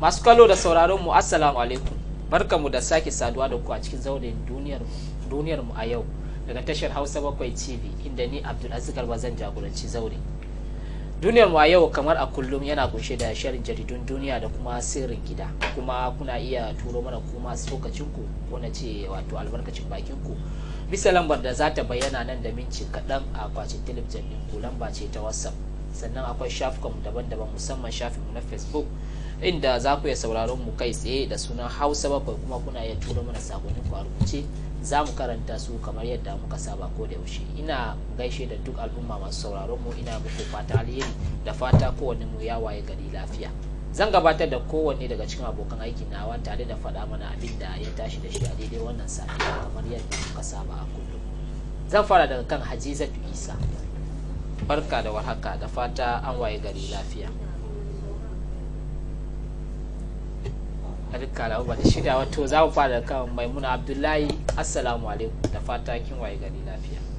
masu kallo da sauraron mu assalamu alaikum mu da sake saduwa da ku a cikin zauren duniyar duniyar mu a yau daga tashar Hausa bakwai TV inda ni Abdul Aziz Garba zan jagoranci zaure duniyar mu a yau kamar a kullum yana kunshe da shirin jaridun duniya da kuma sirrin gida kuma kuna iya turo mana kuma lokacin ku ko na ce wato albarkacin bakin ku bisa lambar da za ta bayyana nan da minci kaɗan a kwacin talabijin ku lamba ce ta whatsapp sannan akwai shafukanmu daban-daban musamman shafinmu na facebook inda za ku iya sauraron mu kai tsaye da sunan hausa bakwai kuma kuna iya turo mana sakonin ku a rubuce za mu karanta su kamar yadda muka saba ko da yaushe ina gaishe da duk al'umma masu sauraron mu ina muku fata alheri da fata kowane mu ya waye gari lafiya zan gabatar da kowanne daga cikin abokan aiki na a tare da faɗa mana abin da ya tashi da shi a daidai wannan safiya kamar yadda muka saba a kullum zan fara daga kan hajizatu isa barka da warhaka da fata an waye gari lafiya a dukkan al'umma da shida wato za mu fara da kan maimuna abdullahi assalamu alaikum da fata kin waye gari lafiya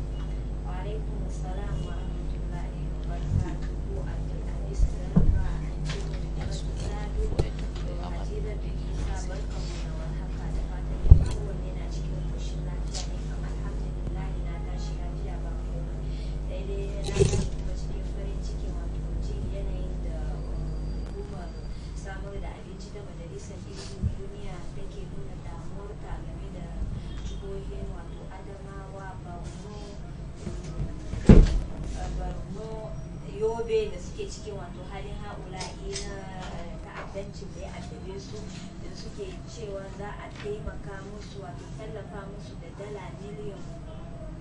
ta'addancin ne a addabe su da suke cewa za a taimaka musu wato tallafa musu da dala miliyan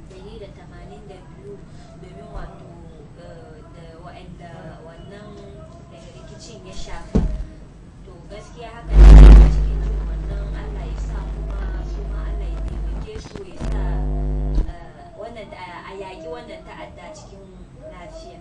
dari da tamanin da biyu domin wato eh, da wa'anda wannan daga eh, rikicin ya shafa to gaskiya haka ne cikin jin wannan allah ya sa kuma su ma allah ya taimake su ya sa eh, wannan a yaƙi wannan ta'adda cikin lafiya.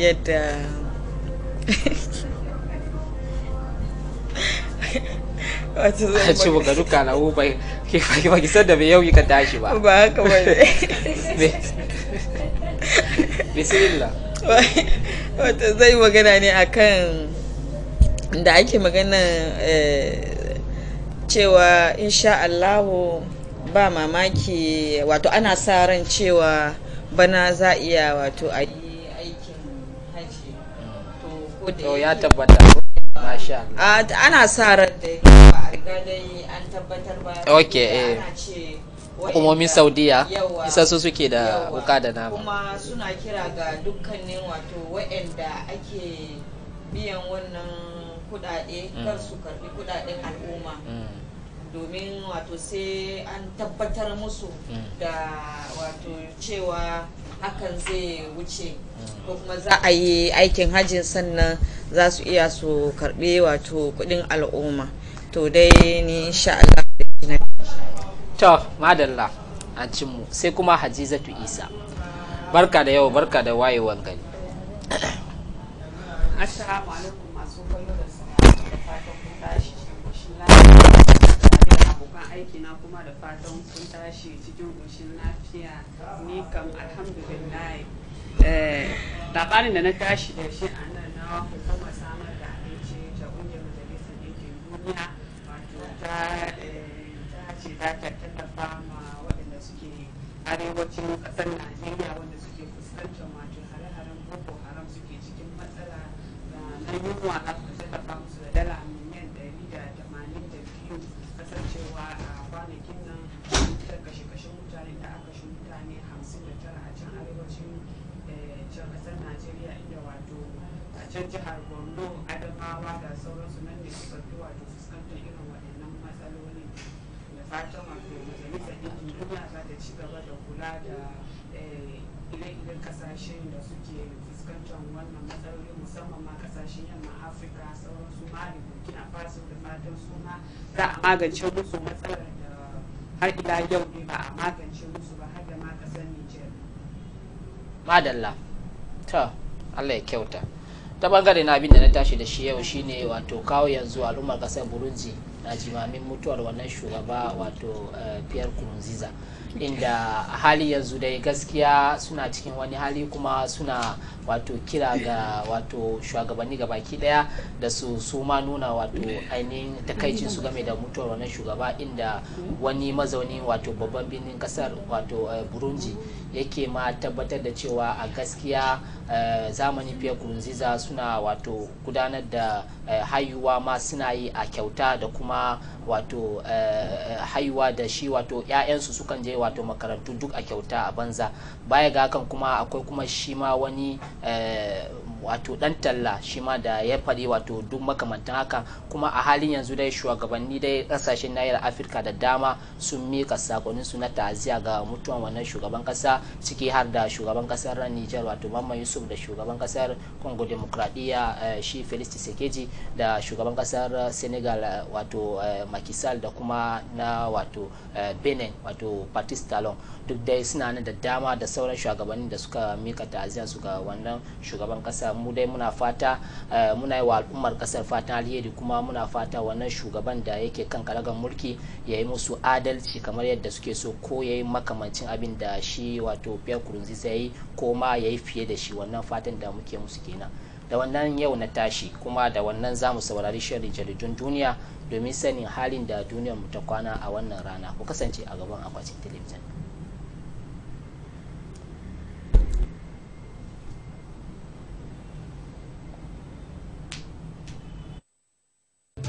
yadda wata zai a ci baka duka na uba ke baki san da mai yi ka tashi ba ba haka ba bismillah wata zai magana ne akan da ake magana eh, cewa insha Allahu ba mamaki wato ana sa ran cewa bana za iya wato a to ya tabbata masha ah, ana sa ran da ba a riga dai an tabbatar ba okay eh hukumomin saudiya isa su suke da wuka da nama kuma suna kira ga dukkanin wato wa'anda ake biyan wannan kudade mm. kar su karbi kudaden al'umma mm. domin wato sai an tabbatar musu mm. da wato cewa hakan zai wuce mm. ko kuma za a yi aikin hajjin sannan za su iya su karbe wato kudin al'umma to dai ni insha Allah to madalla an cinmu sai kuma hajizatu isa barka da yau barka da wayewan gani assalamu alaikum abokan aiki kuma da fatan kun tashi cikin ƙoshin lafiya ni kam alhamdulillah eh, labarin da na tashi da shi a nan na kuma samar da abinci ta ƙungiyar majalisar ɗinkin duniya wato ta eh, ce ta tallafa ma waɗanda suke arewacin ƙasar najeriya wanda suke fuskantar wato hare-haren boko haram suke cikin matsala na yunwa za su musu da dala kudancin kasar najeriya inda wato a can jihar borno adamawa da sauransu nan ne suka fi wato fuskantar irin waɗannan matsaloli da fatan wato majalisar ɗinkin duniya za ta ci gaba da kula da eh, ire-iren kasashen da suke fuskantar wannan matsaloli musamman ma kasashen yamma afirka sauransu mali burkina faso da fatan suna za a magance musu matsalar da har ila yau ne ba a magance musu ba har da ma kasar nijar madalla ta Allah ya kyauta ta bangare na abin da na tashi da shi yau shine wato kawo yanzu al'ummar kasar burundi na jimamin mutuwar wannan shugaba wato eh, pierre kurunziza inda hali yanzu dai gaskiya suna cikin wani hali kuma suna wato kira ga wato shugabanni ga baki daya da su su ma nuna wato ainihin takaicin su game da mutuwar wannan shugaba inda wani mazauni wato babban birnin kasar wato eh, burundi yake ma tabbatar da cewa a gaskiya eh, zamani fiye kurunziza suna wato gudanar da eh, haihuwa ma suna yi a kyauta da kuma wato haihuwa da shi wato 'ya'yansu sukan je wato makarantu duk a kyauta a banza baya ga hakan kuma akwai kuma shi ma wani Eh, wato dan talla shi ma da ya faɗi wato duk makamantan haka kuma a halin yanzu dai shugabanni dai kasashen nahiyar afirka da dama sun mika sakonin su na ta'aziya ga mutuwan wannan shugaban kasa ciki har da shugaban kasar nijar wato mamman yusuf da shugaban kasar congo demokradiyya eh, shi felix tshisekedi da shugaban kasar senegal eh, wato makisal da kuma na wato benin wato duk dai suna nan da dama da sauran shugabannin da suka mika ta'aziyar su ga wannan shugaban kasa mu dai muna fata eh, muna yi wa al'ummar kasar fatan alheri kuma muna fata wannan shugaban da yake kan karagar mulki ya yi musu adalci kamar yadda suke so ko ya yi makamancin abin da shi wato pierre kurunziza ya yi ko ma ya yi fiye da shi wannan fatan da muke musu kenan da wannan yau na tashi kuma da wannan za mu saurari shirin jaridun duniya domin sanin halin da duniyar mu ta kwana a wannan rana ku kasance a gaban akwatin talabijin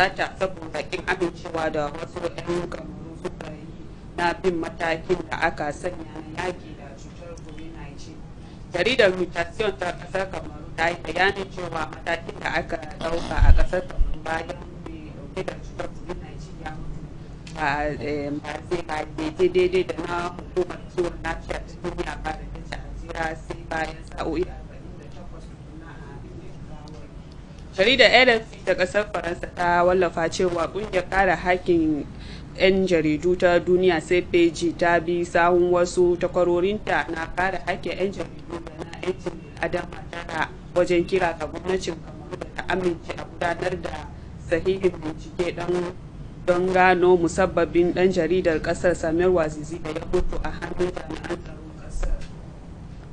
fusata saboda kin amincewa da wasu 'yan kamaru suka yi na bin matakin da aka sanya na yaki da cutar covid-19 jaridar mutation ta kasar kamaru ta yi bayanin cewa matakin da aka dauka a kasar kamaru bayan mai dauke da cutar covid-19 ya mutu ba eh, zai daidai da na hukumar kiwon lafiya ta duniya ba da ta ci a sai bayan sa'o'i jaridar edith ta kasar Faransa ta wallafa cewa ƙungiyar kare hakkin 'yan jaridu ta duniya sai peji ta bi sahun wasu takwarorinta na kare hakkin 'yan jaridu da na 'yancin adama tara wajen kira ga gwamnatin kamar da ta amince a gudanar da sahihin bincike don don gano musabbabin dan jaridar kasar samir wazizi da ya mutu a hannun jami'an tsaro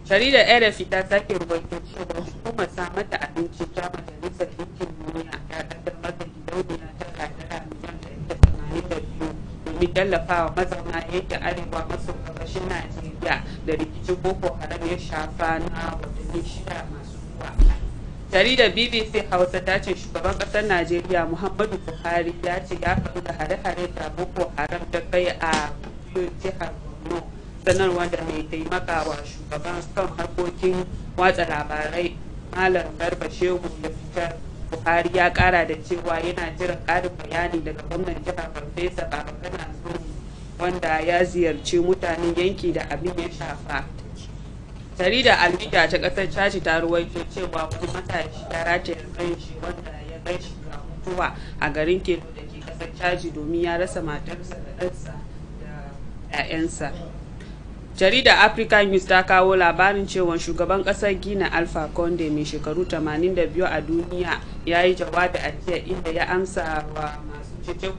Jaridar RFI ta sake rubutu cewa hukumar samar da abinci ta majalisar ɗinkin duniya ta ƙaddamar da gidauniya ta kadara miliyan ɗari da tamanin da biyu domin tallafawa mazauna yankin arewa maso gabashin Najeriya da rikicin Boko Haram ya shafa na watanni shida masu zuwa. Jaridar BBC Hausa ta ce shugaban ƙasar Najeriya Muhammadu Buhari ya ce ya faru da hare-hare da Boko Haram ta kai a jihar Borno. sanarwa da mai taimaka wa shugaban kan harkokin watsa labarai malam garba shehu ya fitar buhari ya kara da cewa yana jiran karin bayani daga gwamnan jihar farfesa babakana zuru wanda ya ziyarci mutanen yanki da abin ya shafa jarida almida ta kasar caci ta ruwaito cewa wani matashi ya rataya shi wanda ya kai shi ga mutuwa a garin kelo da ke kasar caji domin ya rasa matarsa da ɗansa da 'ya'yansa jarida africa news ta kawo labarin cewa shugaban kasar gina alpha conde mai shekaru 82 a duniya ya yi jawabi a jiya inda ya amsa wa masu cece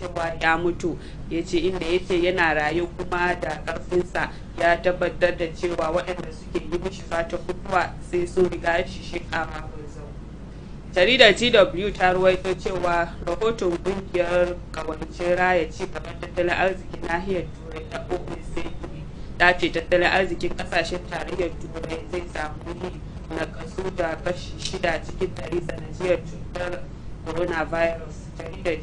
cewa ya mutu ya ce inda ya yana raye kuma da karfinsa ya tabbatar da cewa waɗanda suke yi mishi fata kuma sai sun riga shi shekara jaridar tw ta ruwaito cewa rahoton kungiyar kawance raya ci gaban tattalin arziki nahiyar turai ta opc ce tattalin arzikin kasashen tarayyar turai zai samu yi na kaso da kashi shida cikin dari sanadiyar cutar coronavirus jaridar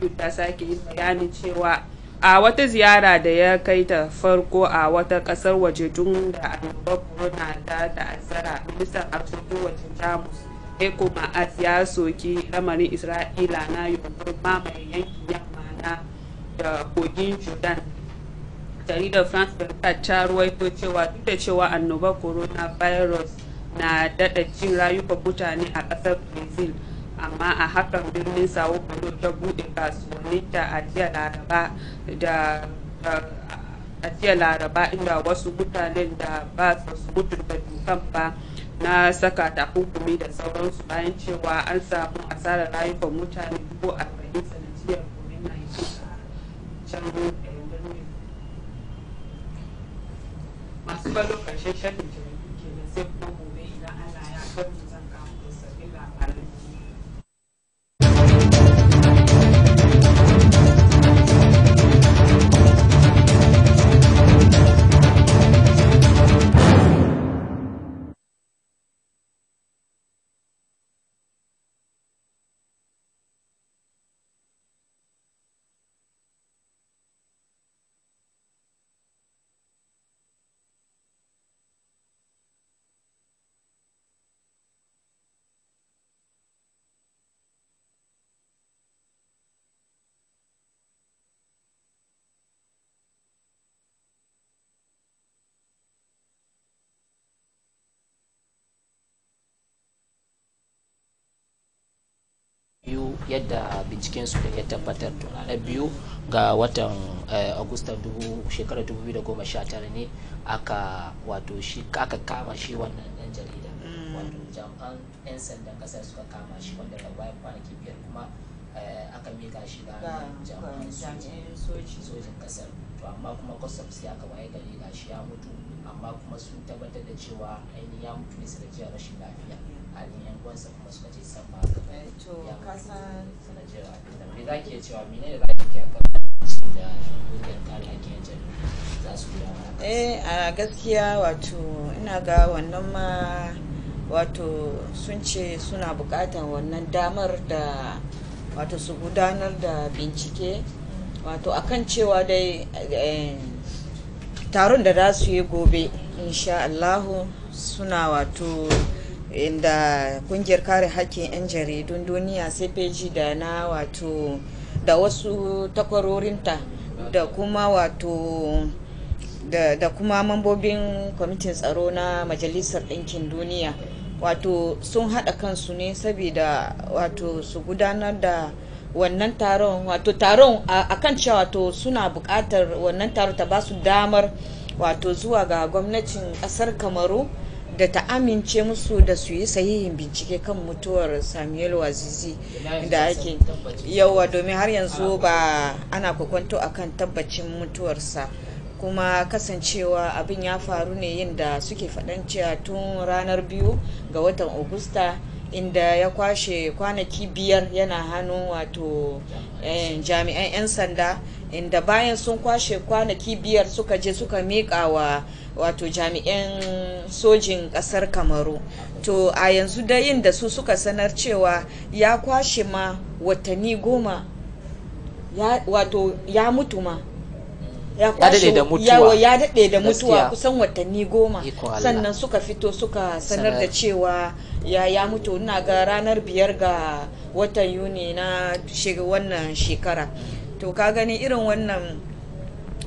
gw ta sake yin bayanin cewa a wata ziyara da ya kai ta farko a wata kasar waje tun da annobar corona ta ta'azzara ministan harkokin wajen jamus eko ma'az ya soki lamarin isra'ila na yunkurin mamaye yankin yamma na kogin jordan jaridar france 24 ta ruwaito cewa duk da cewa annobar coronavirus na dada cin rayukan mutane a kasar brazil amma a hakan birnin sao paulo ta bude kasuwanninta a jiya laraba da a inda wasu mutanen da ba su mutunta dokan ba na saka takunkumi da sauransu bayan cewa an samu asarar rayukan mutane dubu a sanadiyar covid-19 a can masu kallo karshen shirin ke da sai kuma gobe idan Allah ya kai yadda binciken su ya tabbatar to ranar biyu ga watan agustan shekarar 2019 ne aka wato shi aka kama shi wannan dan jarida mm. wato jam'an 'yan sandan kasar suka kama shi wanda da bayan kwanaki biyar kuma eh, aka mika shi ga jam'an sojin kasar to amma kuma kwastam sai aka waye gari ga shi ya mutu amma kuma sun tabbatar da cewa ainihin ya mutu ne sanadiyar rashin lafiya halin a gaskiya wato ina ga wannan ma wato sun ce suna buƙatar wannan damar da wato su gudanar da bincike wato akan cewa dai eh, taron da za su yi gobe insha Allahu suna wato inda kungiyar kare hakkin 'yan jaridun duniya sai cpg da na wato da wasu takwarorinta da kuma wato da, kuma mambobin kwamitin tsaro na majalisar ɗinkin duniya wato sun haɗa kansu ne saboda wato su gudanar da wannan taron wato taron a kan cewa wato suna buƙatar wannan taron ta ba su damar wato zuwa ga gwamnatin ƙasar kamaru da ta amince musu da su yi sahihin bincike kan mutuwar samuel wazizi da ake yawa domin har yanzu ba ana kwakwanto a kan tabbacin mutuwarsa kuma kasancewa abin ya faru ne yin da suke faɗan cewa tun ranar biyu ga watan augusta inda ya kwashe kwanaki biyar yana hannun wato eh, jami'an 'yan sanda inda bayan sun kwashe kwanaki biyar suka je suka miƙa wa wato jami'an sojin ƙasar kamaru to a yanzu da yin da su suka sanar cewa ya kwashe ma watanni goma wato ya mutu ma ya daɗe da mutuwa kusan watanni goma sannan suka fito suka sanar da cewa ya ya mutu ina ga ranar biyar ga watan yuni na wannan shekara to ka gani irin wannan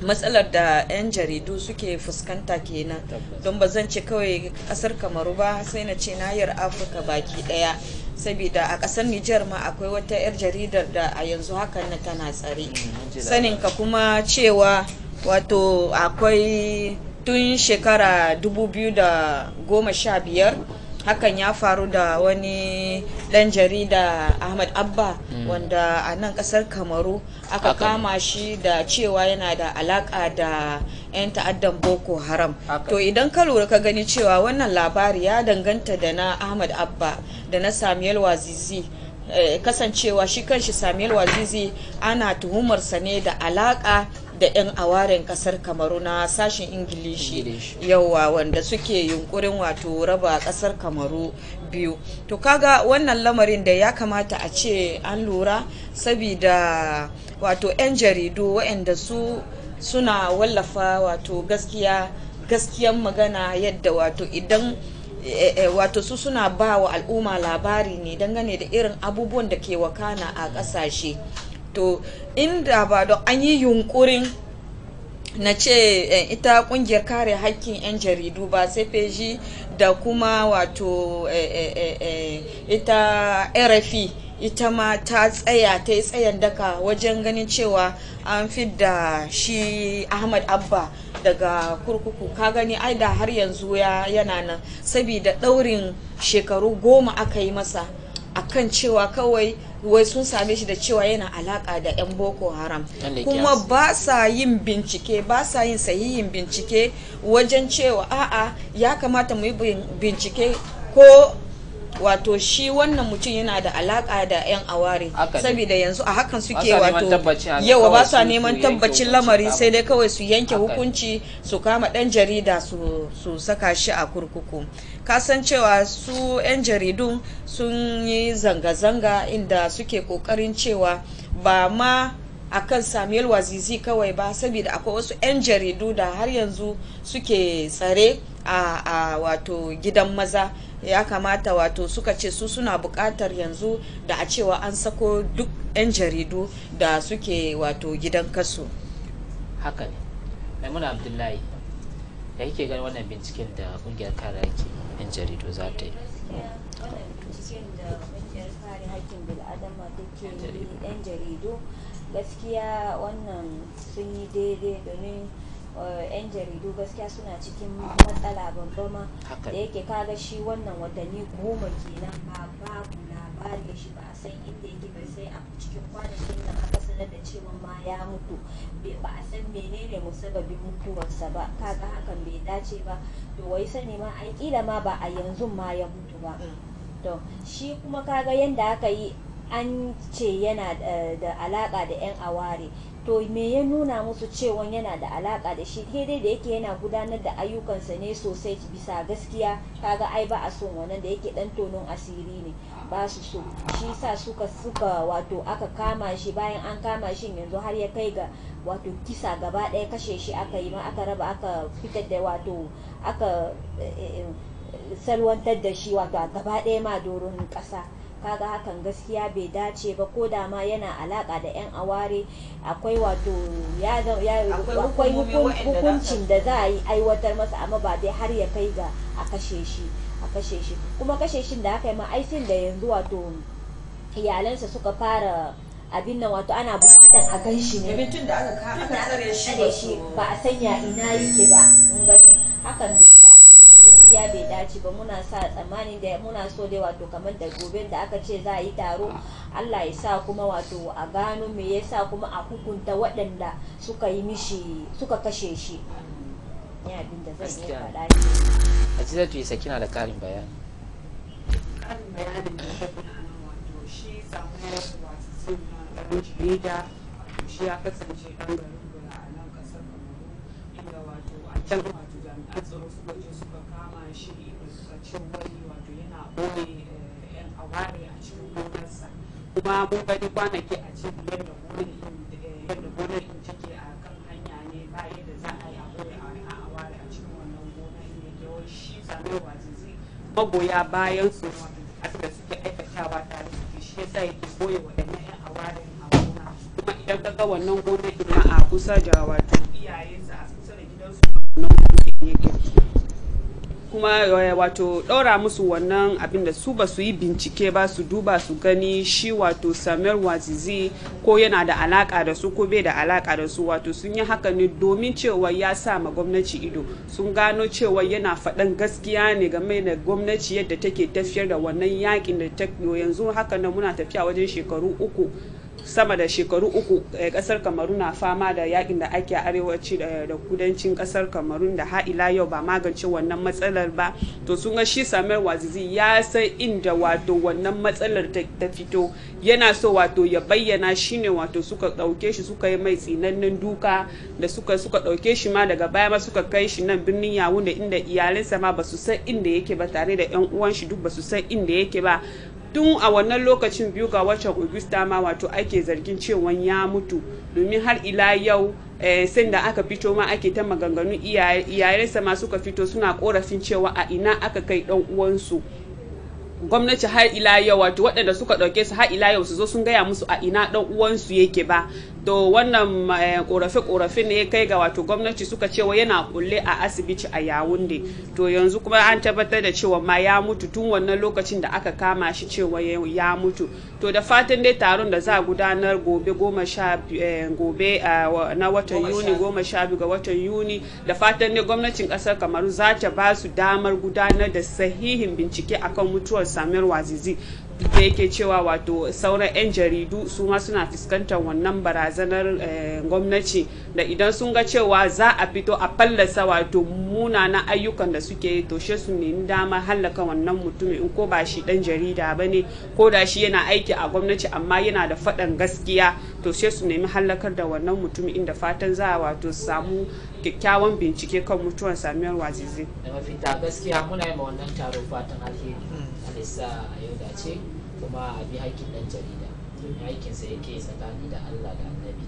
matsalar da 'yan jaridu suke fuskanta kenan don ba zan ce kawai kasar kamaru ba sai na ce nayar afirka baki daya saboda a kasar nijar ma akwai wata 'yar jaridar da a yanzu hakan na tana tsare mm, saninka kuma cewa wato akwai tun shekara 2015 hakan ya faru da wani dan jarida ahmad abba hmm. wanda a nan kasar kamaru aka kama shi da cewa yana da alaka da 'yan ta'addan boko haram to idan ka lura ka gani cewa wannan labari ya danganta da na ahmad abba da na samuel wazizi eh, kasancewa shi kanshi samuel wazizi ana tuhumarsa ne da alaka da 'yan awaren kasar kamaru na sashen ingilishi yawa wanda suke yunkurin wato raba kasar kamaru biyu to kaga wannan lamarin da ya kamata a ce an lura sabida wato 'yan jaridu waɗanda su suna wallafa wato gaskiya gaskiyan magana yadda wato idan eh, eh, wato su suna ba wa al'umma labari ne dangane da irin abubuwan da ke wakana a ƙasashe to inda ba don an yi yunkurin na ce eh, ita kungiyar kare hakkin 'yan jaridu ba sai feji da kuma wato eh, eh, ita rfi e, ita ma ta tsaya ta yi tsayan daka wajen ganin cewa an fidda shi ahmad abba daga kurkuku ka gani ai da har yanzu yana nan sabida daurin shekaru goma aka yi masa a kan cewa kawai wai sun same shi da cewa yana alaka da 'yan boko haram kuma ba sa yin bincike ba sa yin sahihin bincike wajen cewa a'a ya kamata mu yi bincike ko wato shi wannan mutum yana da alaka da 'yan aware saboda yanzu a hakan suke wato yawa ba sa neman tabbacin lamari sai dai kawai su yanke hukunci su kama dan jarida su saka shi a kurkuku kasan cewa su 'yan jaridu sun yi zanga-zanga inda suke kokarin cewa ba ma a kan samuel wazizi kawai ba saboda akwai wasu 'yan jaridu da har yanzu suke tsare a, a wato gidan maza ya kamata wato suka ce su suna bukatar yanzu da a cewa an sako duk 'yan jaridu da suke wato gidan kaso haka ne maimuna abdullahi da yake ganin wannan binciken da kungiyar kare ke 'yan jaridu za ta yi yan jaridu gaskiya wannan sun yi daidai domin eh, yan jaridu gaskiya suna cikin matsala babba ma da yake kaga shi wannan watanni goma kenan ba babu ware shi ba a san inda yake ba sai a cikin kwanakin nan aka sanar da cewa ma ya mutu ba a san menene musababin mutuwarsa ba kaga hakan bai dace ba to wai sani ma an kila ma ba a yanzu ma ya mutu ba mm. to shi kuma kaga yanda aka yi an ce yana eh, da alaka da 'yan aware to me ya nuna musu cewa yana da alaka da shi daidai da yake yana gudanar da ayyukansa ne sosai bisa gaskiya kaga ai ba a son wannan da yake dan tonon asiri ne ba su so shi sa suka suka wato aka kama shi bayan an kama shi yanzu har ya kai ga wato kisa gaba ɗaya kashe shi aka yi ma aka raba aka fitar da wato aka eh, eh, eh, salwantar da shi wato gaba ɗaya ma doron ƙasa kaga hakan gaskiya bai dace ba ko da ma yana alaka da yan aware akwai wato ya akwai hukuncin da za a yi aiwatar masa amma ba dai har ya kai ga a kashe shi kashe shi kuma kashe shi da aka yi ma da yanzu wato iyalansa suka fara abin nan wato ana bukatan a gan shi ne tun da aka kare shi ba a sanya ina yake ba mun gani hakan bai dace ba gaskiya bai dace ba muna sa tsammani da muna so dai wato kamar da gobe da aka ce za a yi taro Allah ya sa kuma wato a gano me yasa kuma a hukunta waɗanda suka yi mishi suka kashe shi bakin abin da zan iya faɗa ne Aziza to yasa kina da ƙarin bayani ƙarin bayanin da ta faɗa wato shi samu ya su wasu sun na ɗan jirida shi ya kasance ɗan garin gula a nan ƙasar kamaru inda wato a can wato jami'an tsaro suka je suka kama shi suka cin wani wato yana ɓoye yan eh, aware a cikin gonarsa kuma mun gani kwanaki a cikin yadda gonar in eh, take koyarwa zai magoya bayan su da suke aikatawa tare da shi yasa yake koya waɗannan 'yan awarin a gona kuma idan ka ga wannan gona ina a kusa da wato iyayensa a kusa da gidansu kuma eh, wato ɗora musu wannan abin da su ba su yi bincike ba su duba su gani shi wato samuel wazizi ko yana da alaka da su ko bai da alaka da su wato sun yi haka ne domin cewa ya sa ma gwamnati ido sun gano cewa yana faɗan gaskiya ne game da gwamnati yadda take tafiyar da wannan yakin da ta yanzu haka nan muna tafiya wajen shekaru uku sama da shekaru uku kasar eh, kamaru na fama da yakin da ake a arewaci eh, da kudancin kasar kamaru da ha'ila yau ba magance wannan matsalar ba to sun ga shi samuel wazizi ya san inda wato wannan matsalar ta fito yana so wato ya bayyana shine wato suka dauke shi suka yi mai tsinannen duka da suka suka ɗauke shi ma daga baya ma suka kai shi nan birnin yawun da inda iyalinsa ma ba su san inda yake ba tare da yan uwan shi duk ba su san inda yake ba tun a wannan lokacin biyu ga watan augusta ma wato ake zargin cewa ya mutu domin har ila yau eh, sai da aka fito ma ake ta maganganu iyayensa ma suka fito suna korafin cewa a ina aka kai dan uwansu gwamnati har ila yau wato waɗanda suka ɗauke su har ila yau su zo sun gaya musu a ina ɗan uwansu yake ba to wannan korafe-korafe eh, ne kai ga wato gwamnati suka cewa yana kulle a asibiti a yawunde to yanzu kuma an tabbatar da cewa ma ya mutu tun wannan lokacin da aka kama shi cewa ya mutu to da fatan dai taron da za a gudanar gobe goma sha eh, gobe na watan yuni goma sha ga watan yuni da fatan dai gwamnatin kasar kamaru za ta ba su damar gudanar da sahihin bincike akan mutuwar samir wazizi da yake cewa wato sauran 'yan jaridu su ma suna fuskantar wannan barazanar eh, gwamnati da idan sun ga cewa za a fito a fallasa wato na ayyukan da suke toshe su nemi dama hallaka wannan mutumin in ko ba shi dan jarida ba ne ko da shi yana aiki a gwamnati amma yana da faɗan gaskiya to she su nemi hallakar da wannan mutumin inda fatan za a wato samu kyakkyawan bincike kan mutuwar samuwar wazizi. da mafita gaskiya muna yi ma wannan taro fatan alheri hmm. alisa yau ce kuma a bi aikin ɗan jarida domin aikinsa yake tsakani da Allah da annabi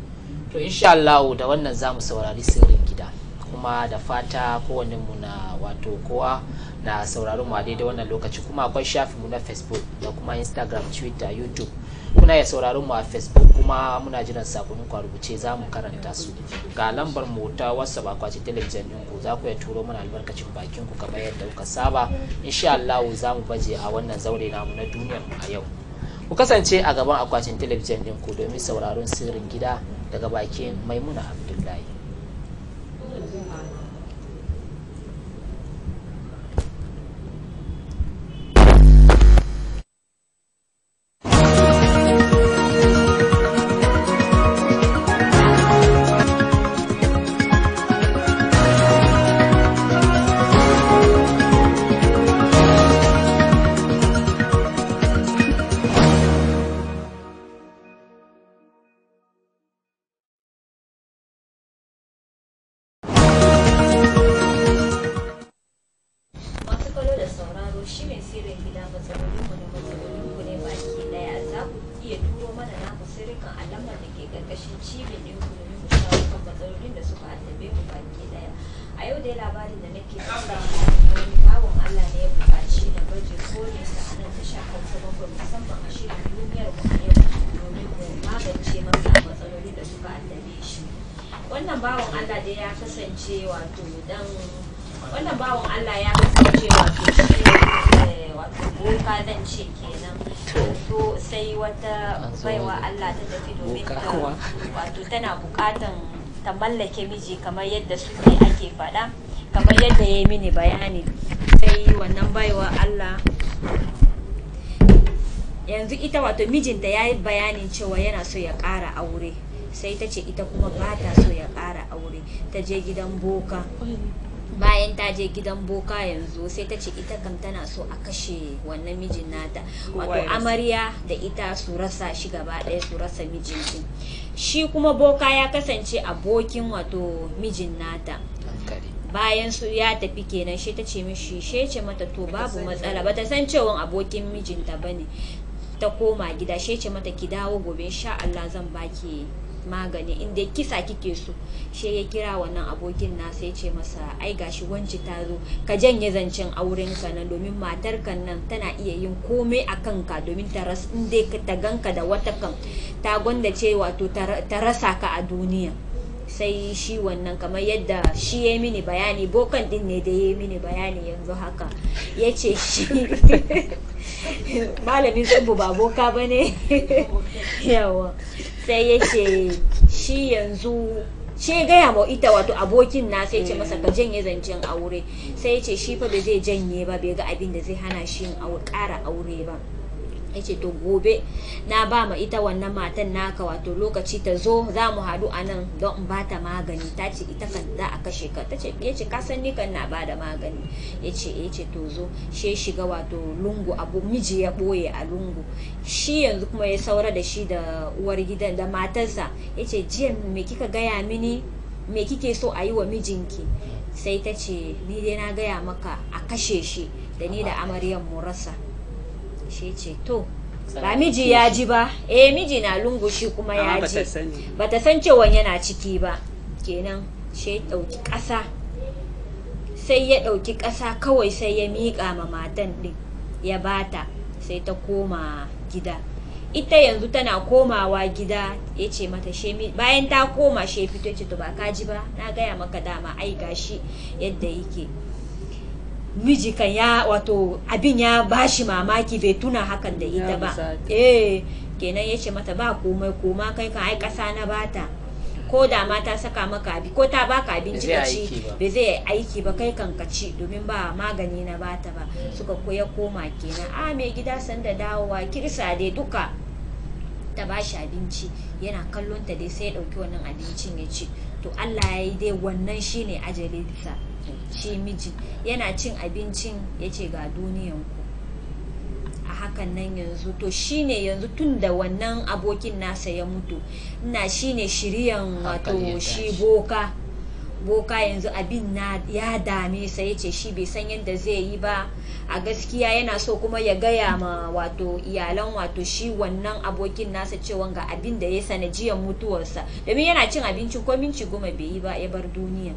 to insha Allah da wannan zamu saurari sirrin gida kuma da fata kowanne mu na wato kowa na sauraron mu a daidai wannan lokaci kuma akwai shafin mu na facebook da kuma instagram twitter youtube kuna ya sauraron mu a facebook kuma muna jiran sakonin ku a rubuce za mu karanta su ga lambar mu ta whatsapp a kwace talabijin din ku za ku ya turo mana albarkacin bakin ku kamar yadda kuka saba insha Allah za mu baje a wannan zaure namu na duniyar a yau ku kasance a gaban akwatin talabijin din ku domin sauraron sirrin gida daga bakin maimuna abdullahi matsalolin mu ne matsalolin ku ne baki daya za ku iya turo mana na sirrikan alamar da ke karkashin cibin ɗin ku domin mu shawo kan matsalolin da suka addabe mu baki daya a yau dai labarin da nake kasa wani bawan Allah ne ya buƙaci na baje kolin sa a nan tasha hausa bakwai musamman a shirin duniyar mu a yau domin mu magance masa matsalolin da suka addabe shi wannan bawan Allah dai ya kasance wato dan wannan bawan Allah ya kasance wato shi wato boka zan ce kenan to sai wata baiwa Allah ta tafi domin wato tana bukatan ta mallake miji kamar yadda suke ake faɗa kamar yadda ya yi mini bayani sai wannan baiwa Allah yanzu ita wato mijinta ya yi bayanin cewa yana so ya ƙara aure sai ta ce ita kuma ba ta so ya ƙara aure ta je gidan boka bayan ta je gidan boka yanzu sai ta ce ita kam tana so a kashe wannan mijin nata wato amarya da ita su rasa shi gaba ɗaya su rasa mijin shi kuma boka ya kasance abokin wato mijin nata bayan su ya tafi kenan shi ta ce mishi she ce mata to babu matsala bata san cewa abokin mijinta bane ta koma gida she ce mata ki dawo gobe insha Allah zan baki magani inda kisa kike so she ya kira wannan abokin na sai ce masa ai gashi wanci ta zo ka janye zancen auren ka nan domin matar kan nan tana iya yin komai a kanka domin ta ras inda ta ganka da wata kan ta gwanda ce wato ta rasa ka a duniya sai shi wannan kamar yadda shi ya mini bayani bokan din ne da ya mini bayani yanzu haka ya ce shi malamin tsubu ba boka ba ne yawa sai yake shi yanzu shi ya gaya ma ita wato abokin na sai ce masa ka janye zancen aure sai ya ce shi fa ba zai janye ba bai ga abin da zai hana shi yin ƙara aure ba ya ce to gobe na ba ma ita wannan matan naka wato lokaci ta zo za mu haɗu a nan don in bata magani ta ce ita kan za a kashe ka ta ce ya ce ni kan na bada magani ya eh, ce to zo she shiga wato lungu abu miji ya boye a lungu shi yanzu kuma ya saura da shi da uwar gidan da matarsa ya ce jiya me kika gaya mini me kike so a yi wa mijinki sai ta ce ni dai na gaya maka a kashe shi da ni da amaryan mu rasa shi ce to ba miji ya ji ba eh miji na lungushi kuma ah, ya ji ba ta san cewa yana ciki ba kenan shi ɗauki ƙasa sai ya ɗauki ƙasa kawai sai ya miƙa ma matan ɗin ya bata sai ta koma gida ita yanzu tana komawa gida ya ce mata shemi bayan ta koma she fito ce to ba ka ji ba na gaya maka dama ai gashi yadda yake miji kan ya wato abin ya bashi mamaki bai tuna hakan da ita ba eh kenan ya ce mata ba komai koma kai kan ai kasa na bata ko da ma ta saka maka abi ko ta baka abinci ka ci ba zai aiki ba kai kan ka ci domin ba magani na bata ba suka koya koma kenan a mai gida sanda dawowa kirsa dai duka ta bashi abinci yana kallon ta dai sai ya dauki wannan abincin ya ci to Allah ya yi dai wannan shine ajalinsa shi miji yana cin abincin ya ce ga duniyanku a hakan nan yanzu to shine yanzu tun da wannan abokin nasa ya mutu ina shine shiryan wato shi boka boka yanzu abin na ya dame sa ya ce shi bai san yadda zai yi ba a gaskiya yana so kuma ya gaya ma wato iyalan wato shi wannan abokin nasa cewa ga abin da ya sanajiyar mutuwarsa domin yana cin abincin ko minci goma bai yi ba ya bar duniya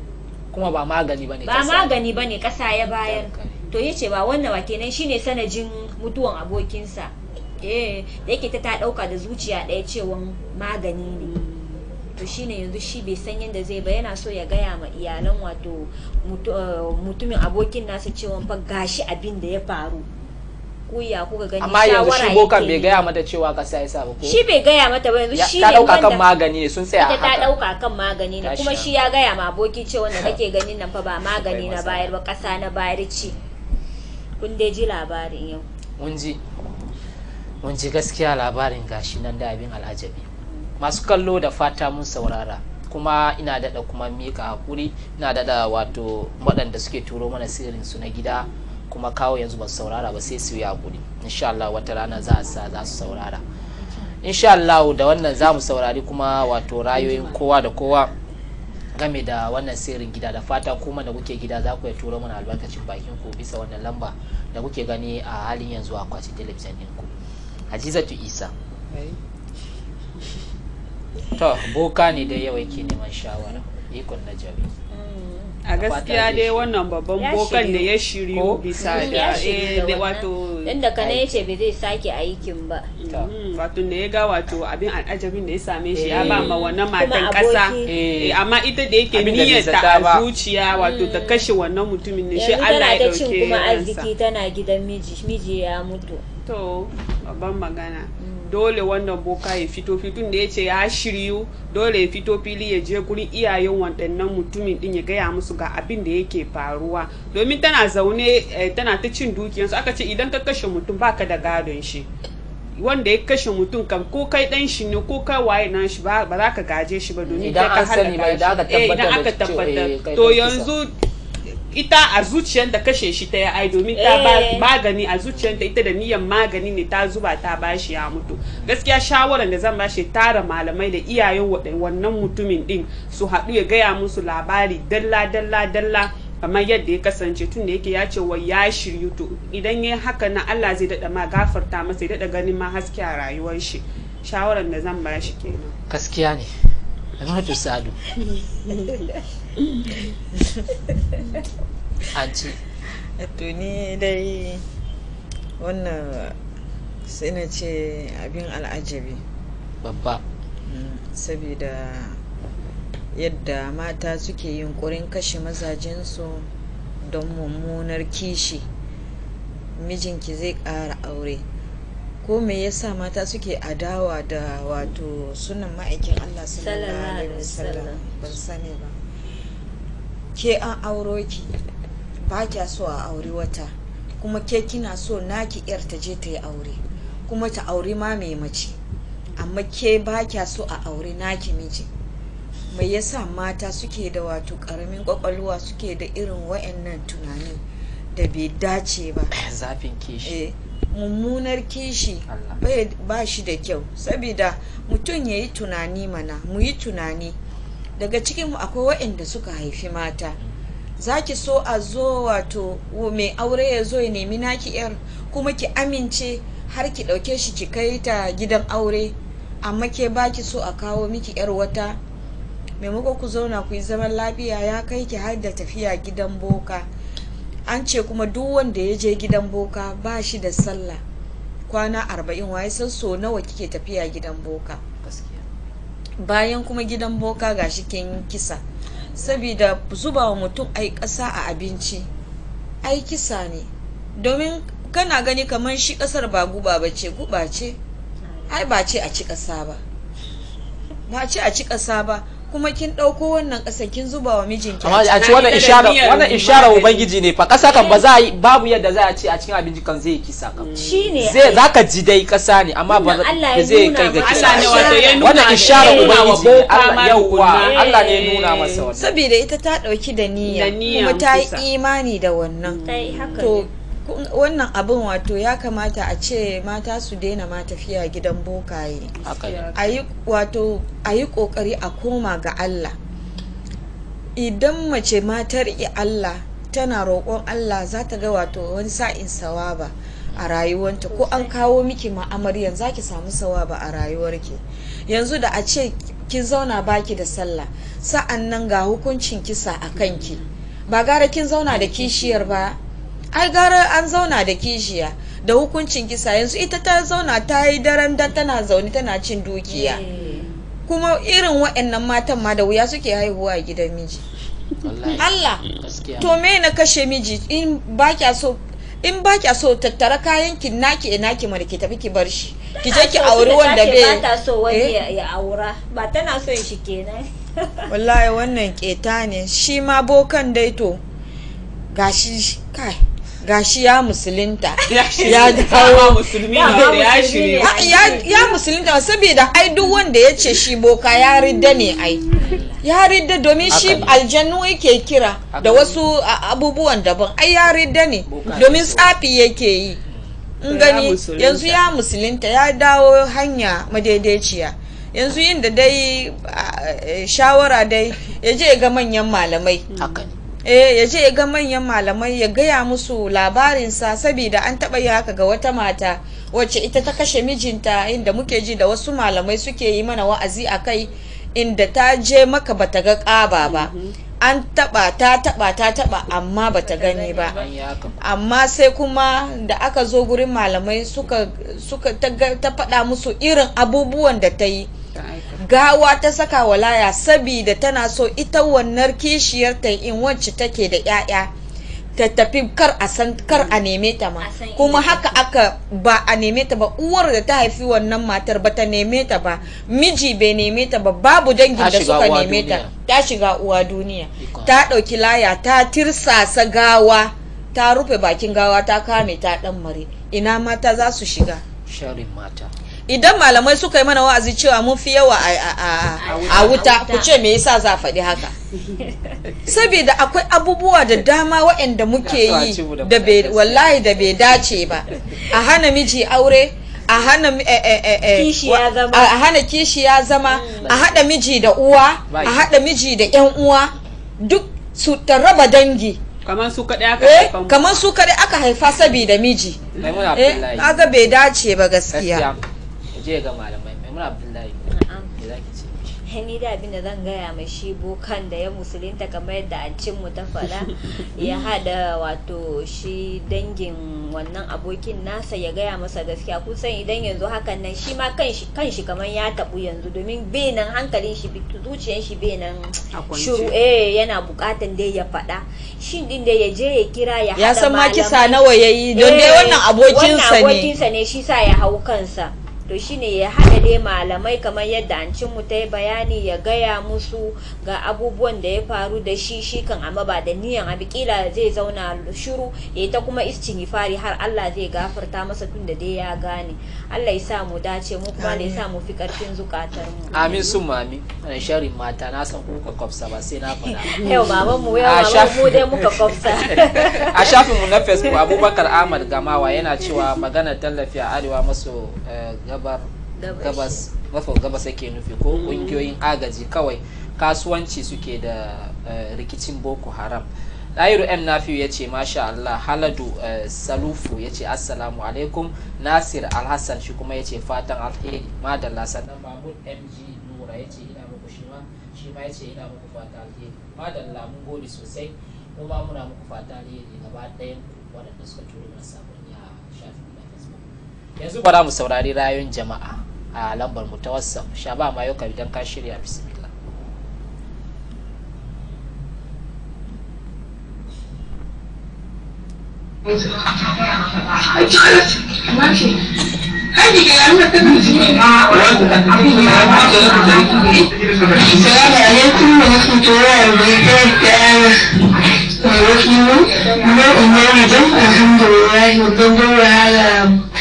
kuma ba magani bane ba magani bane kasa ya bayar to yace ba wannan wa kenan shine sanajin mutuwan abokinsa eh da yake ta ta dauka da zuciya ɗaya cewa magani ne to shine yanzu shi bai san yadda zai ba yana so ya gaya ma iyalan wato eh, mutumin abokin nasa cewa fa gashi abin da ya faru kuya kuka gani amma yanzu shi bokan bai gaya mata cewa ka ya sa ba ko shi bai gaya mata ba yanzu shi ne ta dauka kan magani ne sun tsaya ta dauka kan magani ne kuma shi ya gaya ma aboki cewa wanda kake ganin nan fa ba magani na bayar ba kasa na bayar ce kun dai ji labarin yau mun ji mun ji gaskiya labarin gashi nan da abin al'ajabi masu kallo da fata mun saurara kuma ina dada kuma mika hakuri ina dada wato waɗanda suke turo mana sirrin su na gida kuma kawo yanzu ba su saurara ba sai su yi hakuri insha Allah wata rana za a sa za su saurara insha Allah da wannan za mu saurari kuma wato rayoyin kowa da kowa game da wannan sirrin gida da fata kuma da kuke gida za ku ya turo mana albarkacin bakin ku bisa wannan lamba da kuke gani a halin yanzu a kwaci talabijin din ku Hajizatu Isa to boka ne da yawa yake neman shawara ikon na jami'a a gaskiya dai wannan babban bokan da ya shiryu bisa da eh, wato inda ka na yace bai zai sake aikin ba wato mm. da ya ga wato abin al'ajabin da ya same shi ya eh. ba ma wannan matan kasa eh. amma ita da yake niyyar ta a zuciya wato ta mm. kashe wannan mutumin ne shi Allah ya dauke kuma arziki tana gidan miji miji ya mutu to babban magana dole wannan boka ya fito fitun da ya ce ya shiryu dole ya fito fili ya je gurin iyayen waɗannan mutumin din ya gaya musu ga abin da yake faruwa domin tana zaune eh, tana ta cin dukiyarsu aka ce idan ka kashe mutum baka da gadon shi wanda ya kashe mutum kam ko kai dan shi ne ko kai waye nan shi ba za ka gaje shi ba domin idan aka eh, tabbatar eh, to yanzu ita a zuciyar da kashe shi ta yi ai domin ta ba eh. magani a zuciyar ta ita da niyan magani ne ta zuba ta bashi ya mutu gaskiya shawaran da zan bashi tara malamai da iyayen wannan mutumin din su haɗu ya gaya musu labari dalla dalla dalla kamar yadda ya kasance tun da yake ya ce wa ya shiryu to idan ya haka na Allah zai daɗa ma gafarta masa ya daɗa ganin ma haske a rayuwar shi shawaran da zan bashi kenan gaskiya ne aji ni dai wannan sai na ce abin al'ajabi babba mm, saboda yadda mata suke yunkurin kashe mazajensu don mummunar kishi mijinki zai ƙara aure ko me yasa mata suke adawa da wato sunan ma'aikin allah sallallahu alaihi wasallam ban sani ba ke an auro ki ba kya so a auri wata kuma ke kina so naki yar ta je ta yi aure kuma ta auri ma mai mace amma ke ba kya so a aure naki miji mai yasa mata suke da wato karamin kwakwalwa suke da irin wa'annan tunani da bai dace ba zafin kishi eh, mummunar kishi ba shi da kyau saboda mutum ya yi tunani mana mu yi tunani daga cikinmu akwai waɗanda suka haifi mata za ki so a zo wato mai aure ya zo ya nemi naki yar kuma ki amince har ki ɗauke shi ki kai ta gidan aure amma ke ba ki so a kawo miki yar wata maimako ku zauna ku yi zaman lafiya ya kai ki har da tafiya gidan boka an ce kuma duk wanda ya je gidan boka ba shi da sallah kwana arba'in waye san so nawa kike tafiya gidan boka bayan kuma gidan boka ga shi kin kisa saboda zuba wa mutum ai ƙasa a abinci ai kisa ne domin kana gani kamar shi ƙasar ba guba ba ce guba ce ai ba a ci ƙasa ba ba ce a ci ƙasa ba kuma kin ɗauko wannan ƙasa kin zuba wa mijinki amma a ce wannan ishara wannan ishara ubangiji ne fa kasa kan ba za a babu yadda za a ce a cikin abinji kan zai kisa kan mm. shine zai zaka ji dai ƙasa ne amma ba zai kai ga kisa wannan ishara ubangiji Allah yawwa Allah ne ya eh. nuna masa wannan saboda ita ta ɗauki da niyya kuma ta yi imani da wannan to wannan abin wato ya kamata a ce mata su daina ma tafiya gidan bokaye wato a yi kokari a koma ga allah idan mace matar Allah tana roƙon Allah za ta ga wato wani sa'in sawaba a rayuwanta ko an kawo miki ma'amariyan za ki samu sawaba a rayuwarki yanzu da a ce kin zauna baki da sallah sa'an nan ga hukuncin kisa a kanki ba gara kin zauna da kishiyar ba ai gara an zauna da kishiya da hukuncin kisa yanzu ita ta zauna ta yi daren da tana zaune tana cin dukiya eh. kuma irin waɗannan matan ma da wuya suke haihuwa a gidan miji Allah to me na kashe miji in ba kya so in ba so tattara kayan ki naki e naki mara ki tafi ki bar shi ki je ki auri wanda bai ba ta so wani eh? ya aura ba tana son shi kenan wallahi wannan keta ne shi ma bokan dai to gashi kai gashi ya musulunta ya dawo ya ya musulunta saboda ai duk wanda ya ce shi boka ya ridda ne ai ya ridda domin shi aljannu yake kira da wasu abubuwan daban ai ya ridda ne domin tsafi yake yi in gani yanzu ya musulunta ya dawo hanya madaidaiciya yanzu yin da dai shawara dai ya je ga manyan malamai eh ya je ya ga manyan malamai ya gaya musu labarinsa saboda an taɓa yi haka ga wata mata wacce ita ta kashe mijinta inda muke ji da wasu malamai suke yi mana wa'azi a kai inda ta je maka bata ga ƙaba ba mm-hmm. an taɓa ta taɓa ta taɓa amma bata gani ba amma sai kuma da aka zo gurin malamai suka ta faɗa musu irin abubuwan da ta yi gawa ta saka walaya sabida tana so ita wannan kishiyar ta in wacce take da 'ya'ya ta tafi kar a san kar a neme ta ma kuma haka aka ba a neme ta ba uwar da ta haifi wannan matar ba ta neme ta ba miji bai neme ta ba babu dangin da suka neme ta ta shiga uwa duniya ta ɗauki laya ta tirsasa gawa ta rufe bakin gawa ta kame ta ɗan mare ina mata za su shiga sharin mata idan malamai suka yi mana wa'azi cewa mun fi yawa a wuta ku ce me yasa za faɗi haka saboda akwai abubuwa da dama wa'anda muke yi da wallahi da bai dace ba a hana miji aure a hana kishi ya zama a haɗa miji da uwa a haɗa miji da 'yan uwa duk su raba dangi kamar eh, su kaɗai aka haifa sabida aka saboda miji eh bai dace ba gaskiya je ga malamai maimuna abdullahi ni da abin da zan gaya mai shi bokan da ya musulinta kamar yadda cin mu ta fara ya hada wato shi dangin wannan abokin nasa ya gaya masa gaskiya kusan idan yanzu hakan nan shi ma kan shi kamar ya taɓu yanzu domin benin hankalin shi zuciyan shi benin shuru eh yana bukatan dai ya faɗa shi din da ya je ya kira ya haɗa ya san ma kisa nawa yayi don dai eh, wannan abokinsa ne abokinsa ne shi sa ya hau kansa to shine ya haɗa dai malamai kamar yadda an cin ta yi bayani ya gaya musu ga abubuwan da ya faru da shi shi kan amma ba da niyan abu kila zai zauna shiru ya ta kuma fari har Allah zai gafarta masa tun da dai ya gane Allah ya sa mu dace mu kuma da ya sa mu fi karfin zukatar mu amin sun mami an shari mata na san kuka kofsa ba sai na faɗa. yau baban mu yau baban mu dai muka kofsa a shafin mu na Facebook Abubakar Ahmad Gamawa yana cewa magana tallafi a Arewa maso eh, gabas gafar gabas yake nufi ko kungiyoyin mm. agaji kawai kasuwanci suke da eh, rikicin boko haram ɗayiru m nafiu ya ce masha Allah haladu eh, salufu ya ce assalamu alaikum nasir alhassan shi kuma ya ce fatan alheri madalla sannan mamun mg nura ya ce ina muku shi ma shi ma ya ce ina muku fatan alheri madalla mun gode sosai kuma muna muku fatan alheri gaba ɗayan waɗanda suka turo masu sabo yanzu bara mu saurari rayon jama'a a lambar mu ta whatsapp shaba ma yau idan ka shirya bismillah Assalamu alaikum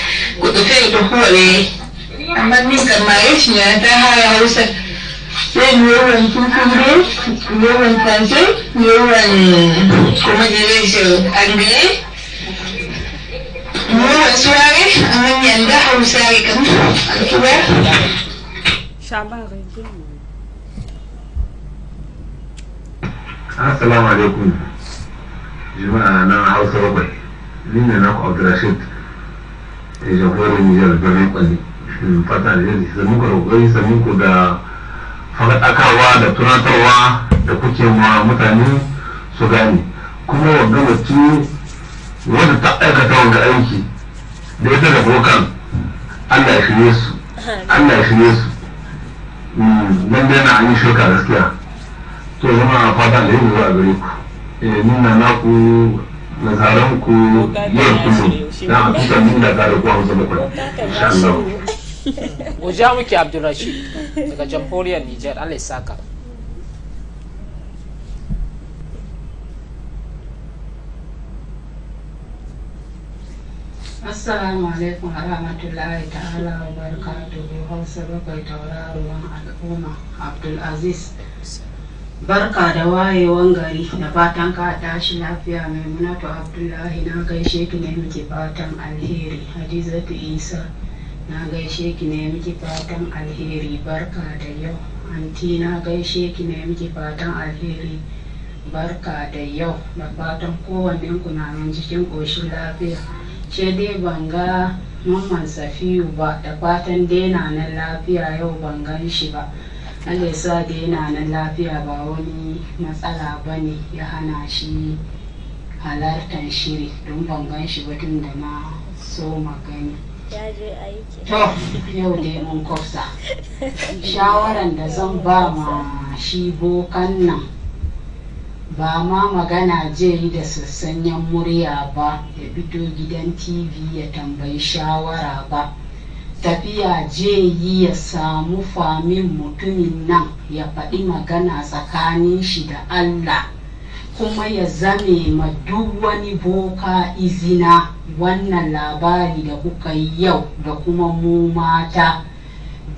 zai dukure amma min kamar rashin ya ta haya hausa sai yoron kukumbe yoron kwanse yoron kuma jirejin angile yoron surare a manyan da hausa rikan alkuwa Assalamu alaikum. Juma'a na Hausa bakwai. Ni ne na Abdulrashid jamhuriyar nijar birnin kwali fata da yanzu da roƙari ku da faɗakarwa da tunatarwa da kuke ma mutane su gane kuma wanda mutum wanda ta aikata wanda aiki da ya da bokan allah ya shirye su allah ya shirye su hmm, nan dai na an yi shirka gaskiya to zama fata da yanzu a gare ku eh, nuna naku nazaran ku yau kullum na a kuka mun nazaran ku a bakwai insha Allah Oja muke Abdulrashid daga jamhuriyar Nijar Allah ya saka. Assalamu alaikum wa rahmatullahi ta'ala wa barakatuhu Hausa bakwai tauraruwan al'umma abdul aziz. Barka da wayewan gari da fatan ka tashi lafiya to Abdullahi na gaishe ki ne miki fatan alheri Hadizatu Isa na gaishe ki ne miki fatan alheri barka da yau Anti na gaishe ki ne miki fatan alheri barka da yau da fatan kowanne ku na nan cikin ƙoshin lafiya ce dai banga mamman safiyu ba da fatan dai na nan lafiya yau ban gan shi ba Allah ya sa da yana nan lafiya ba wani matsala ba ne ya hana shi halartar shiri don ban gan shi ba tun da na so magani. To, yau dai mun kofsa. Shawaran da zan ba ma shi bokan nan ba ma magana yi da sassanyen murya ba ya fito gidan TV ya tambayi shawara ba. tafiya je yi ya samu famin mutumin nan ya faɗi magana tsakanin shi da Allah kuma ya zame ma duk wani boka izina wannan labari da kuka yi yau da kuma mu mata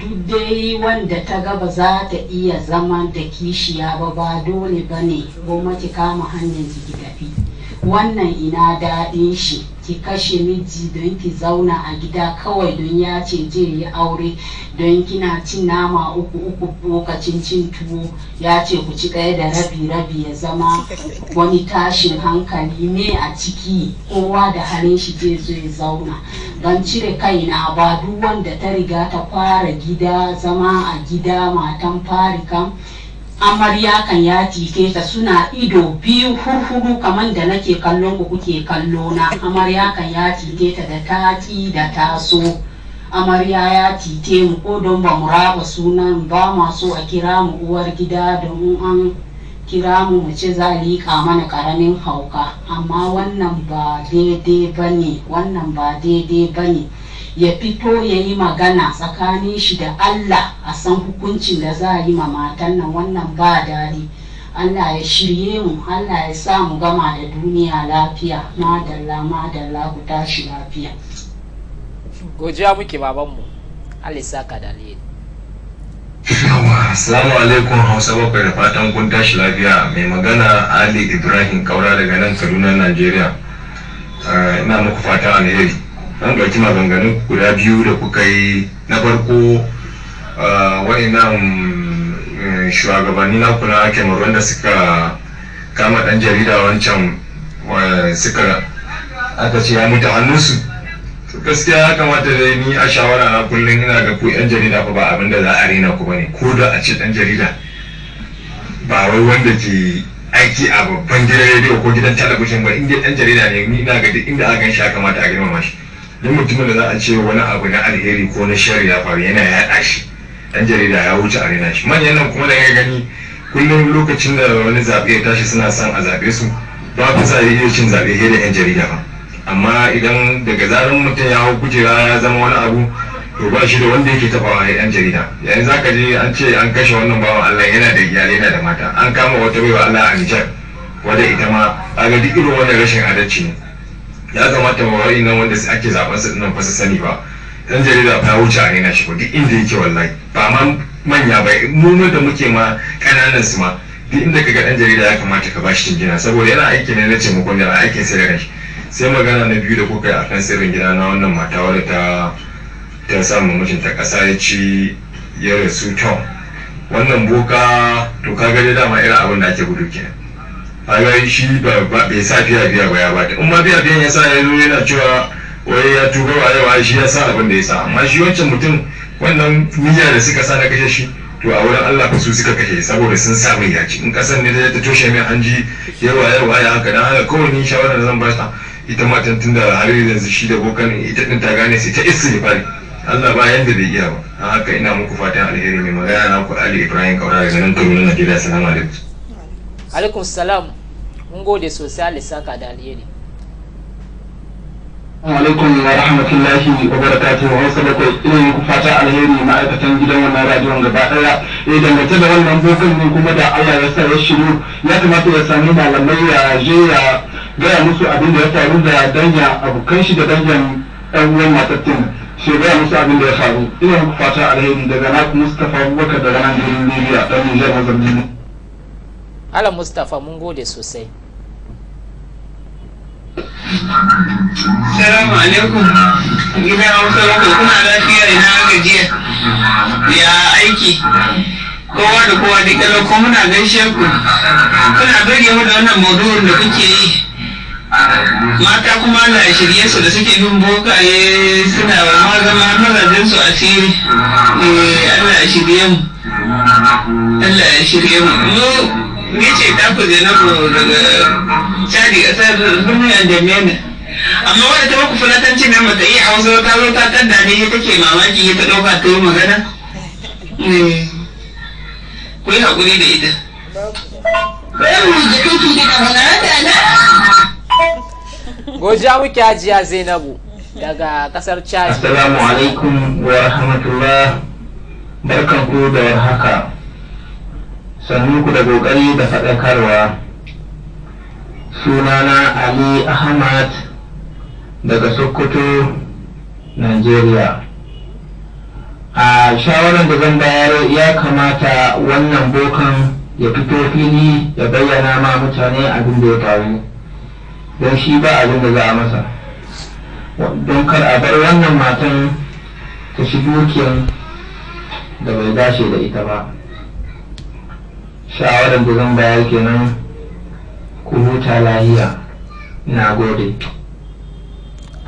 duk dai wanda ta gaba za ta iya zama da kishiya ba ba dole ba ne gwamnati kama hanyar jiki tafi. wannan ina daɗin shi ki kashe miji don ki zauna a gida kawai don ya ce je yi aure don kina cin nama uku uku lokacin cin tuwo ya ce ku ci ɗaya da rabi rabi ya zama wani tashin hankali ne a ciki kowa da halin shi je zo ya zauna don cire kaina ba duk wanda ta riga ta fara gida zama a gida matan farikan kam amarya kan ya jike ta suna ido biyu hurhuru kamar da nake kallon ku kuke kallo na amarya kan ya jike ta da taki da taso amarya ya tite mu ko don ba mu raba sunan ba ma so a kira mu uwar gida don an kira mu mu ce za liƙa mana karamin hauka amma wannan ba daidai bane wannan ba daidai bane ya fito ya yi magana tsakanin shi da Allah a san hukuncin da za a yi ma matan nan wannan ba daɗi. Allah ya shirye mu Allah ya sa mu gama da duniya lafiya madalla madalla ku tashi lafiya gojiya muke babanmu Allah ya saka da Assalamu alaikum Hausa bakwai da fatan kun tashi lafiya mai magana Ali Ibrahim Kaura daga nan Kaduna Najeriya. Ah, ina muku fatan alheri. an ɗauki maganganu guda biyu da kuka yi na farko nan eh, shugabanni na kuna kenan wanda suka kama ɗan jarida wancan eh, suka aka ce ya mutu hannunsu gaskiya ya kamata da ni a shawara na kullum ina ga ku yan jarida ba abin da za a rena ku ba ne ko da a ce ɗan jarida ba wai wanda ke aiki a babban gidan rediyo ko gidan talabijin ba inda ɗan jarida ne ni ina ga duk inda a gan shi ya kamata a girmama shi duk mutumin da za a ce wani abu na alheri ko na shari ya faru yana yaɗa shi ɗan jarida ya wuce a rena shi manyan nan kuma da ya gani kullum lokacin da wani zaɓe ya tashi suna son a zaɓe su ba fi sa iya cin zaɓe he da 'yan jarida ba amma idan daga zarar mutum ya hau kujera ya zama wani abu to ba shi da wanda yake taɓawa a 'yan jarida yayin za ka je an ce an kashe wannan bawan Allah yana da iyalai yana da mata an kama wata baiwa Allah a Nijar wadda ita ma a ga duk irin wannan rashin adalci ne ya kamata wa nan wanda ake zaɓen su nan fasa sani ba dan jarida ta wuce a raina shi duk inda yake wallahi ba ma manya ba mu da muke ma kananan su ma duk inda kaga dan jarida ya kamata ka bashi gina saboda yana aiki ne na taimakon da aikin sai da kanshi sai magana na biyu da kuka yi akan sirrin gida na wannan mata wadda ta ta samu ta ƙasa ya ci ya rasu tom wannan boka to kaga dai dama irin abin da ake gudu kenan a ga shi bai sa fiya fiya ba ya ba in ma fiya fiyan ya sa ya zo yana cewa wai ya tuba ba yau shi ya sa abin da ya sa amma shi wancan mutum wannan niyya da suka sa na kashe shi to a wurin Allah fa su suka kashe saboda sun sa mai yaci in kasan ne ta toshe mai hanji yawa yawa ya haka dan haka kawai ni shawara zan ba ta ita ma tun da har yanzu shi da bokan ita din ta gane sai ta istighfari Allah ba yanda bai iya ba haka ina muku fatan alheri mai magana na ku Ali Ibrahim Kaura daga nan Kaduna Najeriya assalamu alaikum alaikum salam mun gode sosai alisaka da alheri alaikum wa rahmatullahi wa ce wasu da kai ina muku fata alheri ma'aikatan gidan wannan radiyon gaba daya eh dangance da wannan bokan ne kuma da Allah ya sa ya shiru ya kamata ya sami malamai ya je ya gaya musu abin da ya faru da danya abokan shi da danyan ɗan uwan matattin shi gaya musu abin da ya faru ina muku fata alheri daga na Mustapha Abubakar daga nan garin Libya dan Nijar Mozambique ala mustapha mun gode sosai Salamu alaikum gidan hausa muku kuna lafiya ina gajiya ya aiki kowa da kowa da kalau ko muna gaishe ku kuna bari mu da wannan maudu'in da kuke yi mata kuma na shirye su da suke bin bokaye suna magana marajin su asiri eh, Allah ya shirye mu Allah ya shirye mu me ce ta ku zainabu daga cadi ƙasar duniya da mena amma wadda ta maku fulatanci nan mata iya hausa ta zo ta tadda ne ya take mamaki ya ta ɗauka ta yi magana eh. ku yi haƙuri da ita ta da Goja muke ajiya Zainabu daga kasar Chad. Assalamu alaikum wa rahmatullah. Barkanku da haka. sannu da ƙoƙari da faɗakarwa sunana ali ahmad daga sokoto nigeria a shawarar da zan bayar ya kamata wannan bokan ya fito fili ya bayyana ma mutane abin da ya faru don shi ba abin da za a masa don kar a bar wannan matan ta shi dukiyan da bai dace da ita ba shawarar da zan bayar kenan ku huta lahiya na gode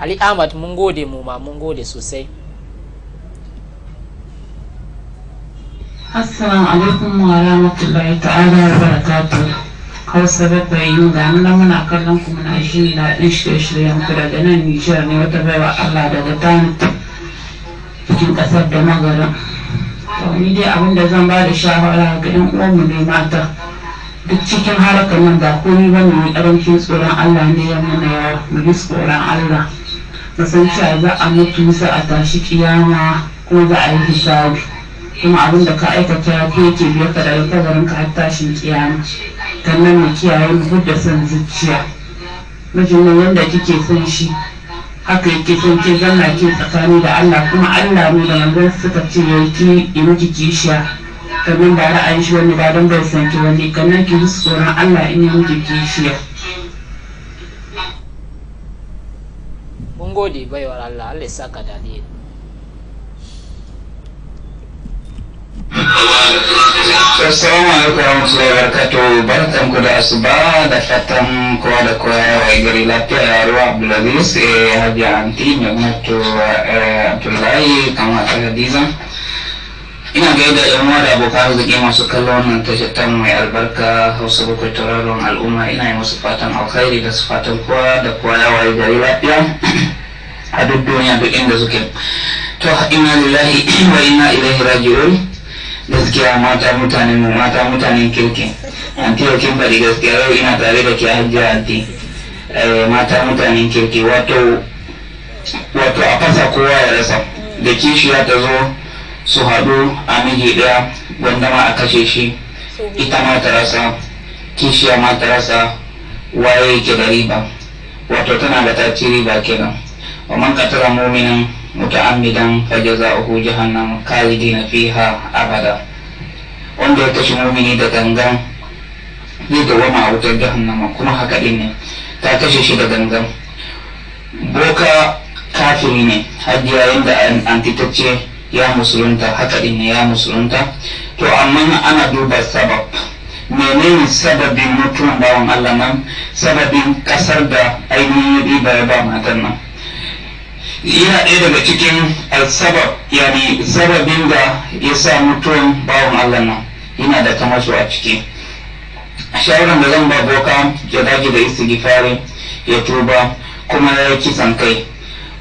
ali ahmad mun gode mu ma mun gode sosai assalamu alaikum wa rahmatullahi ta'ala wa barakatuh hausa bakwai yin gani na muna kallon ku muna jin daɗin shirye-shiryen ku daga nan nijar ne wata baiwa allah daga tanit cikin ƙasar da magarin. ni dai abin da zan ba da shawara ga yan uwanmu ne mata duk cikin harkar nan ba komai ba ne karancin tsoron Allah ne ya mana ya mu tsoron Allah san cewa za a mutu sai a tashi kiyama ko za a yi hisabi kuma abin da ka aikata ya fi yake biyar ka da kabarin ka har tashin kiyama sannan mu kiyaye mu gudda san zuciya mijin nan yadda kike son shi haka yake sauke zanna ce tsakani da Allah kuma Allah ne da manzon suka ce yanki yi miki kishiya kamar da ra'ayin shi wani ba don bai san ki wani kannan ki musu tsoron Allah in yi miki kishiya. Mun gode baiwar Allah, Allah ya saka da Assalamu alaikum warahmatullahi wabarakatuh barkan ku da asuba da fatan kowa da kowa eh, ya waye gari lafiya eh hajiya anti mai mutu abdullahi kama ta hadiza ina gaida yan abu da abokan masuk masu kallon wannan tashar ta mai albarka hausa bakwai tauraron al'umma ina yi musu fatan alkhairi da su fatan kowa da kowa ya waye gari lafiya a duk duniya duk inda lillahi wa inna ilaihi raji'un gaskiya mata mutane mu mata mutane kirki anti kin bari gaskiya yau ina tare da ke hajjiya anti eh, mata mutane kirki wato wato a fasa kowa ya rasa da kishiya ta zo su haɗu a miji ɗaya wanda ma a kashe shi ita ma ta rasa kishiya ma ta rasa waye ke da riba wato tana da tasiri riba kenan wa man qatala mu'minan muta'ammidan fajaza'uhu jahannam khalidina fiha abada wanda ya kashe mumini da gangan zai dawama a wutar jahannama kuma haka din ne ta kashe shi da gangan boka kafiri ne har yayin da an fitacce ya musulunta haka din ne ya musulunta to amma ana duba sabab menene sababin mutuwan bawan Allah nan sababin kasar da ainihin riba ya ba matan nan yana ɗaya daga cikin sabab yani sababin da ya sa mutuwan bawan Allah nan yana da kamar su a ciki shawaran da zan ba boka ya dage da istighfari ya tuba kuma ya yi kisan kai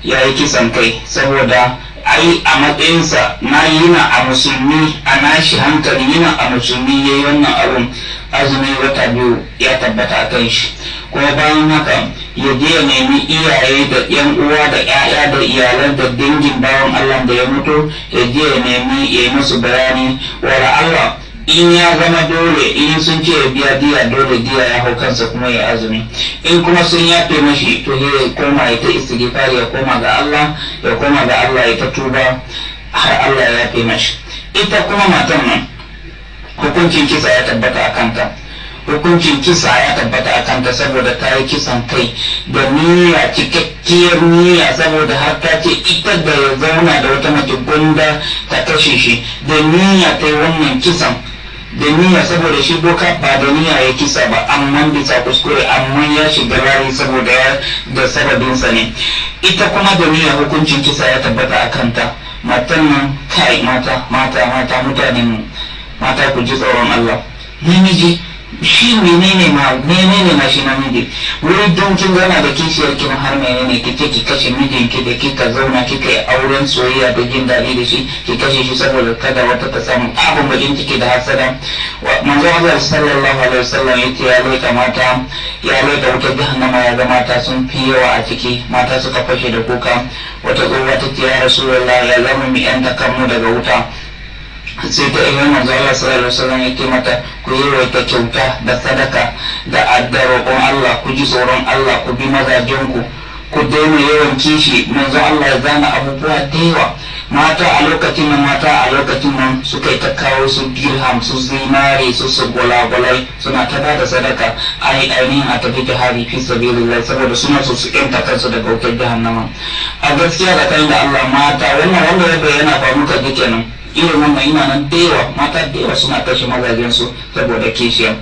ya yi kisan kai saboda ai a matsayinsa na yi na a musulmi a nashi hankali yana a musulmi ya yi wannan abin azumin wata biyu ya tabbata a kan shi kuma bayan haka ya je ya nemi iyaye da yan uwa da ƴaƴa da iyalan da dangin bawan Allah da ya mutu ya je ya nemi ya yi musu bayani wala Allah in ya zama dole in sun ce ya biya diya dole diya ya hau kansa kuma ya azumi in kuma sun yafe mashi to ya koma ya ta istighfar ya koma ga Allah ya koma ga Allah ya ta tuba har Allah ya yafe mashi ita kuma matan nan hukuncin kisa ya tabbata a kanta hukuncin kisa ya tabbata a kanta saboda ta yi kisan kai da niyya cikakkiyar niyya saboda har ta ce ita da ya zauna da wata mace gunda ta kashe shi da niyya ta yi wannan kisan da niyya saboda shi doka ba da niyya ya kisa ba amma bisa kuskure amma ya shiga rari saboda ya da sababinsa ne ita kuma da niyya hukuncin kisa ya tabbata a kanta matan nan kai mata mata mata mutanen mata ku ji tsoron Allah namiji shi menene ma menene ma shi namiji wai don kin da kishiyar kin har menene kike ki kashe mijin ki da kika zauna kika yi auren soyayya da jin daɗi da shi ki kashe shi saboda kada wata ta samu abin bakin ciki da hasada manzo Allah sallallahu alaihi wasallam yake ya leka mata ya leka wata jahannama ya ga mata sun fi yawa a ciki mata suka fashe da kuka wata tsohuwa ta ce ya rasulullahi ya zama mu yan takammu daga wuta sai ta irin manzo Allah sallallahu alaihi wasallam yake mata ku yi kyauta da sadaka da adda roƙon Allah ku ji tsoron Allah ku bi mazajenku ku daina yawan kishi manzo Allah ya zana abubuwa da yawa mata a lokacin nan mata a lokacin nan suka ta kawo su dirham su zinare su su gulagulai suna ta ba da sadaka yi ainihin a tafi jihari fi sabilillah saboda suna so su yanta kansu daga wutar jahannama a gaskiya da kan da Allah mata wannan wanda ya bayyana ba muka ji kenan irin wannan yana nan da yawa mata da yawa suna kashe mazajensu saboda kishiya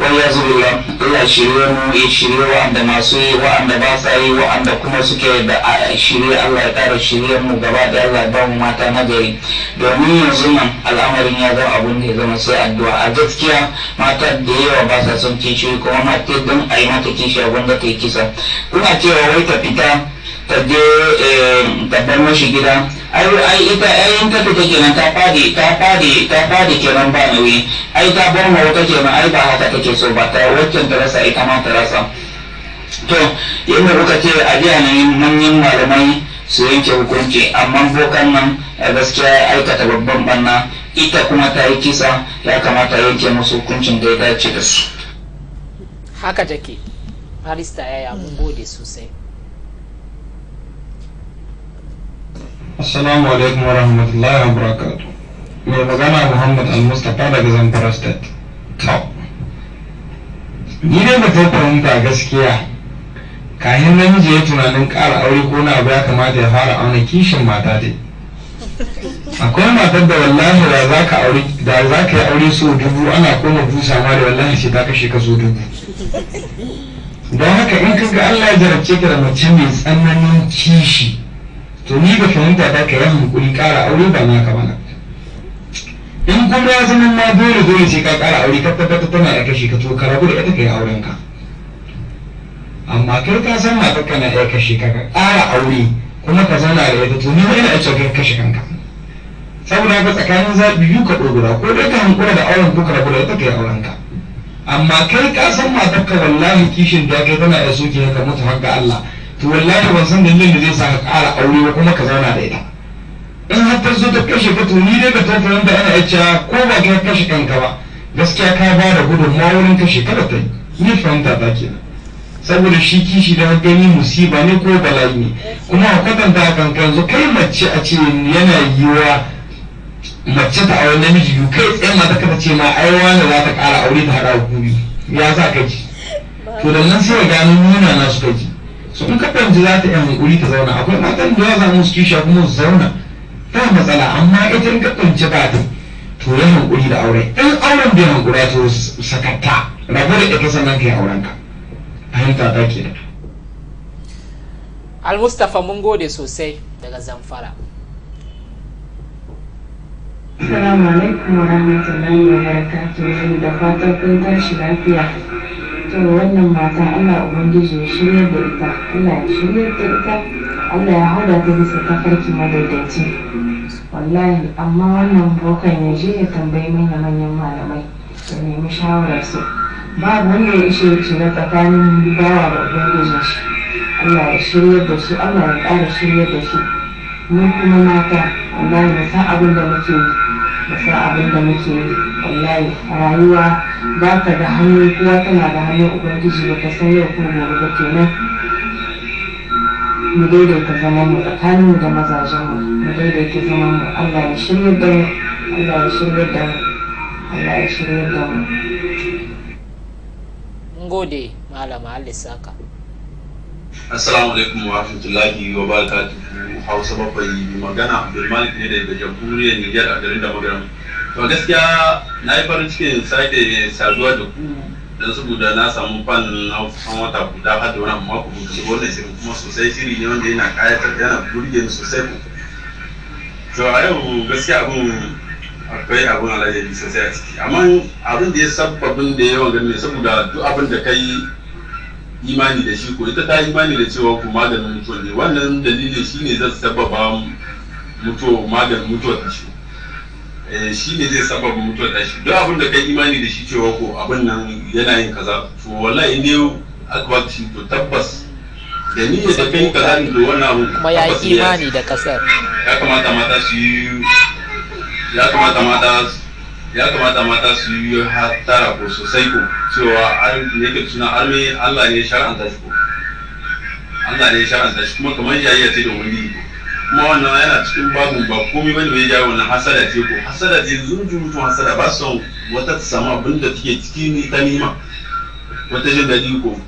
wani ya zuriya Allah shirye mu ya shirye wa'anda masu yi wa'anda ba sa yi wa'anda kuma suke da shirye Allah ya kara shirye mu gaba da Allah ba mu mata nagari domin yanzu nan al'amarin ya zama abun da ya zama sai addu'a a gaskiya mata da yawa ba sa son kishi kuma mata don a yi mata kishi a gwamnati kisa kuna cewa wai ta fita ta je eh, ta mashi gida ai ita ai in ta fita kenan ta fadi ta fadi ta fadi kenan ba nauyi ai ta bar ma wata kenan ai ba haka take so ba ta waccan ta rasa ita ma ta rasa to yadda kuka ce a jiya ne manyan malamai su yanke hukunci amma bokan nan gaskiya aikata babban banna ita kuma ta yi kisa ya kamata yanke musu hukuncin da ya dace da su haka take barista ya yi gode sosai Assalamu alaikum wa rahmatullahi wa barakatu. Mai magana Muhammad Al-Mustapha daga Zamfara State. To, ni dai ba ta fahimta gaskiya kayan namiji ya tunanin ƙara aure ko na abu ya kamata ya fara auna kishin mata dai. Akwai matar da wallahi da za ka aure da za ka yi aure so dubu ana koma busa ma da wallahi sai ta kashe ka so dubu. Don haka in ka ga Allah ya jarabce ka da mace mai tsananin kishi. to ni da fahimta ta ka yi hankuri ƙara aure ba na kamana in kuma ya zama ma dole dole sai ka ƙara aure ka tabbata tana da kashe ka to ka rabu da ita ka yi auren ka amma kai ka san ma kakka na ɗaya kashi ka ƙara aure kuma ka zana da ita to ni wani a cikin kashe kanka saboda haka tsakanin zaɓi biyu ka ɗogura ko dai ka hankura da auren ko ka rabu da ita ka yi auren ka amma kai ka san ka wallahi kishin da kai tana da soke ka mutu har ga Allah to wallahi ban san dalilin da zai sa ka ƙara aure ba kuma ka zauna da ita in har ta zo ta kashe ka to ni dai ba ta fahimta ana iya cewa ko ba ka kashe kanka ba gaskiya ka ba da ma wurin kashe kada ta ni fahimta ta kenan saboda shi kishi da gani musiba ne ko bala'i ne kuma a kwatanta a kankan zo kai mace a ce yana yiwuwa mace ta aure namiji biyu kai tsaye mata ka ce ma ai wani za ta ƙara aure ta haɗa biyu ya sa ka ji to da nan sai ya gano nuna na su ji su in ka za ta yan hankuri ta zauna akwai matan da za mu su kishiya kuma zauna ta matsala amma ita in ka fahimci ba ta to ya hankuri da aure in auren bai hankuri ya to sakatta rabu da ita sannan ka yi auren ka fahimta ta ke Al-Mustapha mun gode sosai daga Zamfara. Assalamu alaikum wa rahmatullahi wa barakatuh da fatan kun tashi lafiya. to wannan mata Allah ubangiji ya shirya da ita Allah ya shirya da ita Allah ya hada ta bisa farki madaidaici wallahi amma wannan bokan ya je ya tambayi manya manyan malamai ya nemi shawarar su babu wanda ya ishe shiga tsakanin bawa da Ubangiji shi Allah ya shirya da shi Allah ya ƙara shirya da shi mun kuma mata wallahi mu san abin da muke yi da abin da muke wallahi a rayuwa ba ka da hannun kuwa tana da hannun ubangiji ba ka san yau ko gobe ba kenan mu daidaita zaman mu tsakanin da mazajen mu mu daidaita zaman mu Allah ya shirya da mu Allah ya shirya da mu Allah ya shirya da mu gode malama Alisaka assalamu alaikum wa rahmatullahi wa barakatuhu hausa bakwai mai magana malik ne daga jamhuriyar niger a garin da magana to gaskiya na yi farin ciki in sake saduwa da ku dan saboda na samu fan na kusan wata guda har da wani mako mutu wannan shirin kuma sosai shiri ne wanda yana kayatar yana burge ni sosai to a yau gaskiya abun akwai abun alaji sosai a ciki amma abin da ya sabbabin da yawan ganin saboda duk abin da kai imani da shi ko ita ta imani da cewa ku maganin mutuwa ne wannan dalilin shi ne zai sababa mutuwa maganin mutuwa ta shi eh, shi ne zai sababa mutuwa ta shi duk abin da kai imani da shi cewa ko abin nan yana yin kaza to wallahi ne aka ba shi to tabbas da ni da kai kaza ne to wannan abin kuma ya yi imani da kasar ya kamata mata su ya kamata mata su ya kamata mata su yi hatara ko sosai ko cewa yake suna arme Allah ne shar'anta shi ko Allah ne shar'anta shi kuma kamar ya ce da wani kuma wannan yana cikin babu ba komai bane bai jawo wannan hasada ce ko hasada ce mutum hasada ba son wata ta samu abin da take ciki ni ta nima wata jin daɗi ko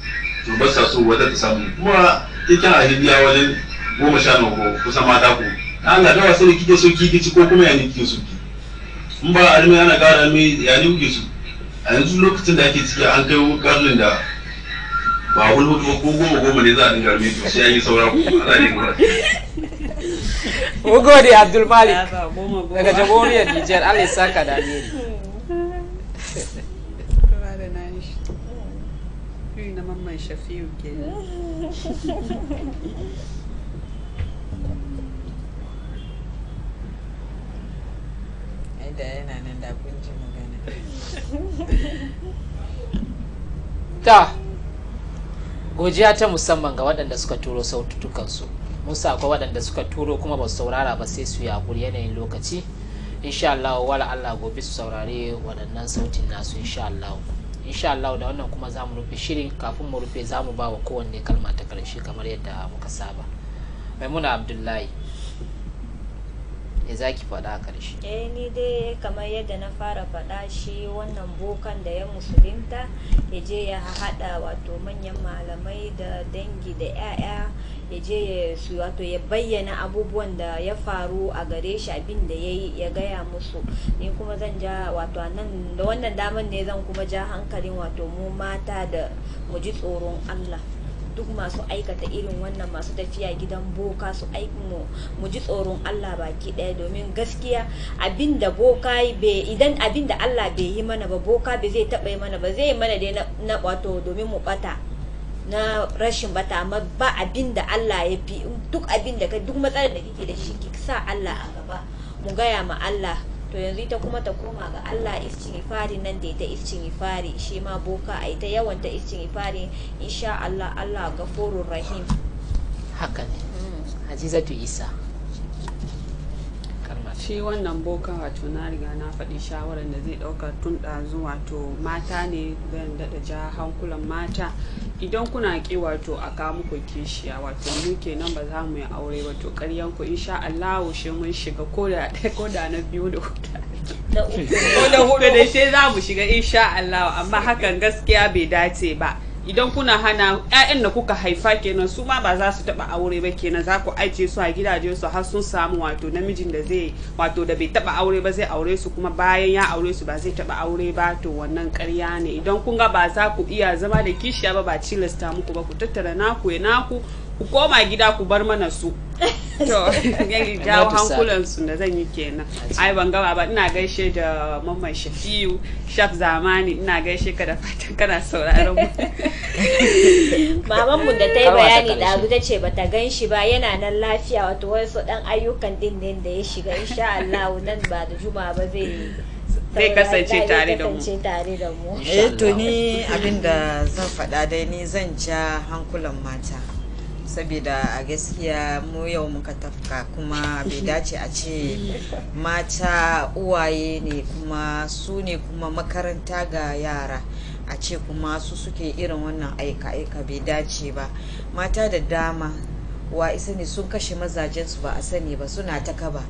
to ba sa so wata ta samu kuma kikin ahibiya wajen goma sha nan ko kusan mata ko Allah dawa sai kike so kike ci ko kuma ya ne kike so ki in ba armi ana ƙara mai ya ne kuke su a yanzu lokacin da ake ciki an kai ƙarnin da ba wani hudu ko goma goma ne za a dinga armi to sai an yi saura ko ana ne mura ko gode abdul malik daga jamhuriyar nijar allah ya saka da ne na mamman ta gojiya ta musamman ga waɗanda suka turo sautukansu musa akwai waɗanda suka turo kuma ba su saurara ba sai su yaƙuri yanayin lokaci insha Allah wala Allah gobe su saurari waɗannan sautin nasu insha Allah insha Allah da wannan kuma zamu rufe shirin kafin mu rufe zamu ba wa kowanne kalma ta karshe kamar yadda muka saba maimuna abdullahi me za faɗa a ƙarshe eh ni dai kamar yadda na fara faɗa shi wannan bokan da ya musulunta ya je ya haɗa wato manyan malamai da dangi da 'ya'ya ya je su wato ya bayyana abubuwan da ya faru a gare shi abin da ya yi ya gaya musu ni kuma zan ja wato nan da wannan daman ne zan kuma ja hankalin wato mu mata da mu ji tsoron allah duk masu aikata irin wannan masu tafiya gidan boka su mu mu ji tsoron Allah baki ɗaya domin gaskiya abinda boka bai idan abinda Allah bai yi mana ba boka bai zai taɓa yi mana ba zai yi mana dai na wato domin mu bata na rashin bata amma ba abinda Allah ya fi duk abinda ka duk matsalar da kike da shi ki sa Allah a gaba mu gaya ma Allah to yanzu ita kuma ta koma ga Allah ifari nan da ita ifari shi ma boka a ita yawan ta in insha Allah Allah ga forun rahim haka ne mm. Hajizatu Isa shi wannan boka wato na riga na faɗi shawarar da zai ɗauka tun ɗazu wato mata ne zan daɗa ja hankulan mata idan kuna ki wato a ka muku kishiya wato mu kenan ba za mu yi aure ba to ƙaryan ku insha Allah shi mun shiga ko da ko da na biyu da ko da hudu da shi za mu shiga insha Allah amma hakan gaskiya bai dace ba idan kuna hana ƴaƴan da kuka haifa kenan su ma ba za su taba aure ba kenan za ku ajiye su a gidaje su har sun samu wato namijin da zai wato da bai taba aure ba zai aure su kuma bayan ya aure su ba zai taba aure ba to wannan ƙarya ne idan kun ga ba za ku iya zama da kishiya ba ba cilasta muku ba ku tattara naku ya naku ku koma gida ku bar mana su to yanki jawo hankulansu da zan yi kenan ai ban gama ba ina gaishe da mamman shafiyu shaf zamani ina gaishe ka da fatan kana sauraron mu maman mu da ta yi bayani da abu ta ce bata gan shi ba yana nan lafiya wato wasu dan ayyukan din ne da ya shiga insha Allah nan ba da juma'a ba zai zai kasance tare da mu eh to ni abinda zan faɗa dai ni zan ja hankulan mata saboda a gaskiya mu yau muka tafka kuma bai dace a ce mata uwaye ne kuma su ne kuma makaranta ga yara a ce kuma su suke irin wannan aika-aika bai dace ba mata da dama wa isa ne sun kashe mazajensu ba a sani ba suna ta kaba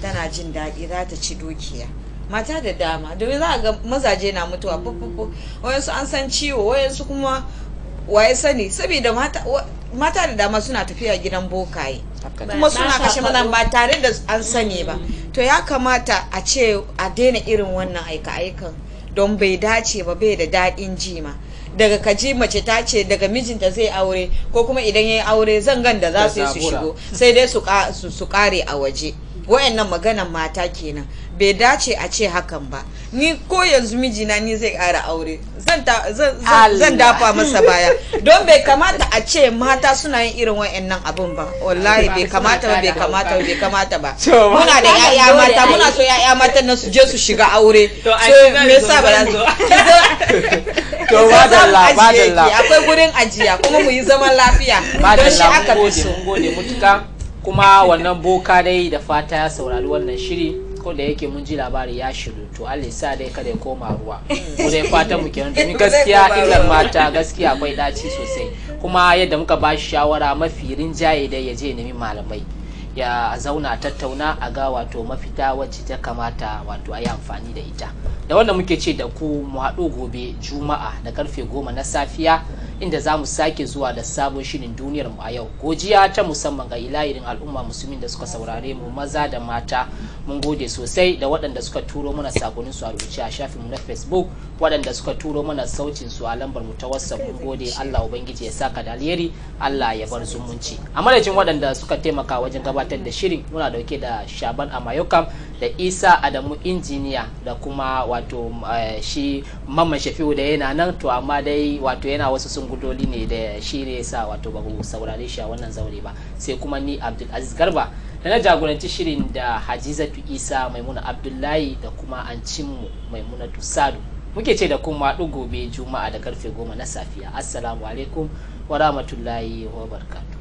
tana jin daɗi za ta ci dukiya mata da dama domin za a ga mazaje na mutuwa fufufu wayansu an san ciwo wayansu kuma Wa ya sani saboda mata da dama suna tafiya gidan bokaye kuma suna kashe mana ba tare da an sani ba mm. to ya kamata a ce a daina irin wannan aika-aikan don bai dace ba bai da daɗin jima daga kaji mace ta ce daga mijinta zai aure ko kuma idan ya yi aure gan da za su yi su shigo sai dai su kare a waje wayannan maganan mata kenan bai dace a ce hakan ba ni ko yanzu mijina ni zai kara aure zan dafa masa baya don bai kamata a ce mata suna yin irin wa'annan abin ba wallahi bai kamata ba bai kamata ba bai kamata ba muna da yaya mata muna so yaya mata na su je su shiga aure to me yasa ba zo to ba da la ba da la akwai gurin ajiya kuma mu yi zaman lafiya don shi aka fi so gode mutuka kuma wannan boka dai da fata ya saurari wannan shiri ko da yake mun ji labari ya shiru to Allah sa dai kada ya koma ruwa mu dai fata mu kenan domin gaskiya illar mata gaskiya akwai daci sosai kuma yadda muka ba shi shawara mafi rinjaye dai ya je nemi malamai ya zauna tattauna a ga wato mafita wacce ta kamata wato ayi amfani da ita da wanda muke ce da ku mu haɗu gobe juma'a da karfe goma na safiya inda za mu sake zuwa da sabon shirin duniyar mu a yau gojiya ta musamman ga ilayirin al'umma musulmin da suka saurare mu maza da mata mun gode sosai da waɗanda suka turo mana sakonin su a rubuce a shafin mu na facebook waɗanda suka turo mana sautin su a lambar mu ta whatsapp mun gode allah ubangiji ya saka da alheri allah ya bar zumunci a madadin waɗanda suka taimaka wajen gabatar da shirin muna dauke da shaban amayokam da isa adamu injiniya da kuma wato eh, shi mamman shafi'u da yana nan to amma dai wato yana wasu sun gudoli ne da shi ne sa wato ba saurare shi a wannan zaure ba sai kuma ni abdul aziz garba da na jagoranci shirin da hajizatu isa maimuna abdullahi da kuma an cimmu maimuna tusadu muke ce da kuma gobe juma'a da karfe goma na safiya assalamu alaikum wa rahmatullahi wa barkatu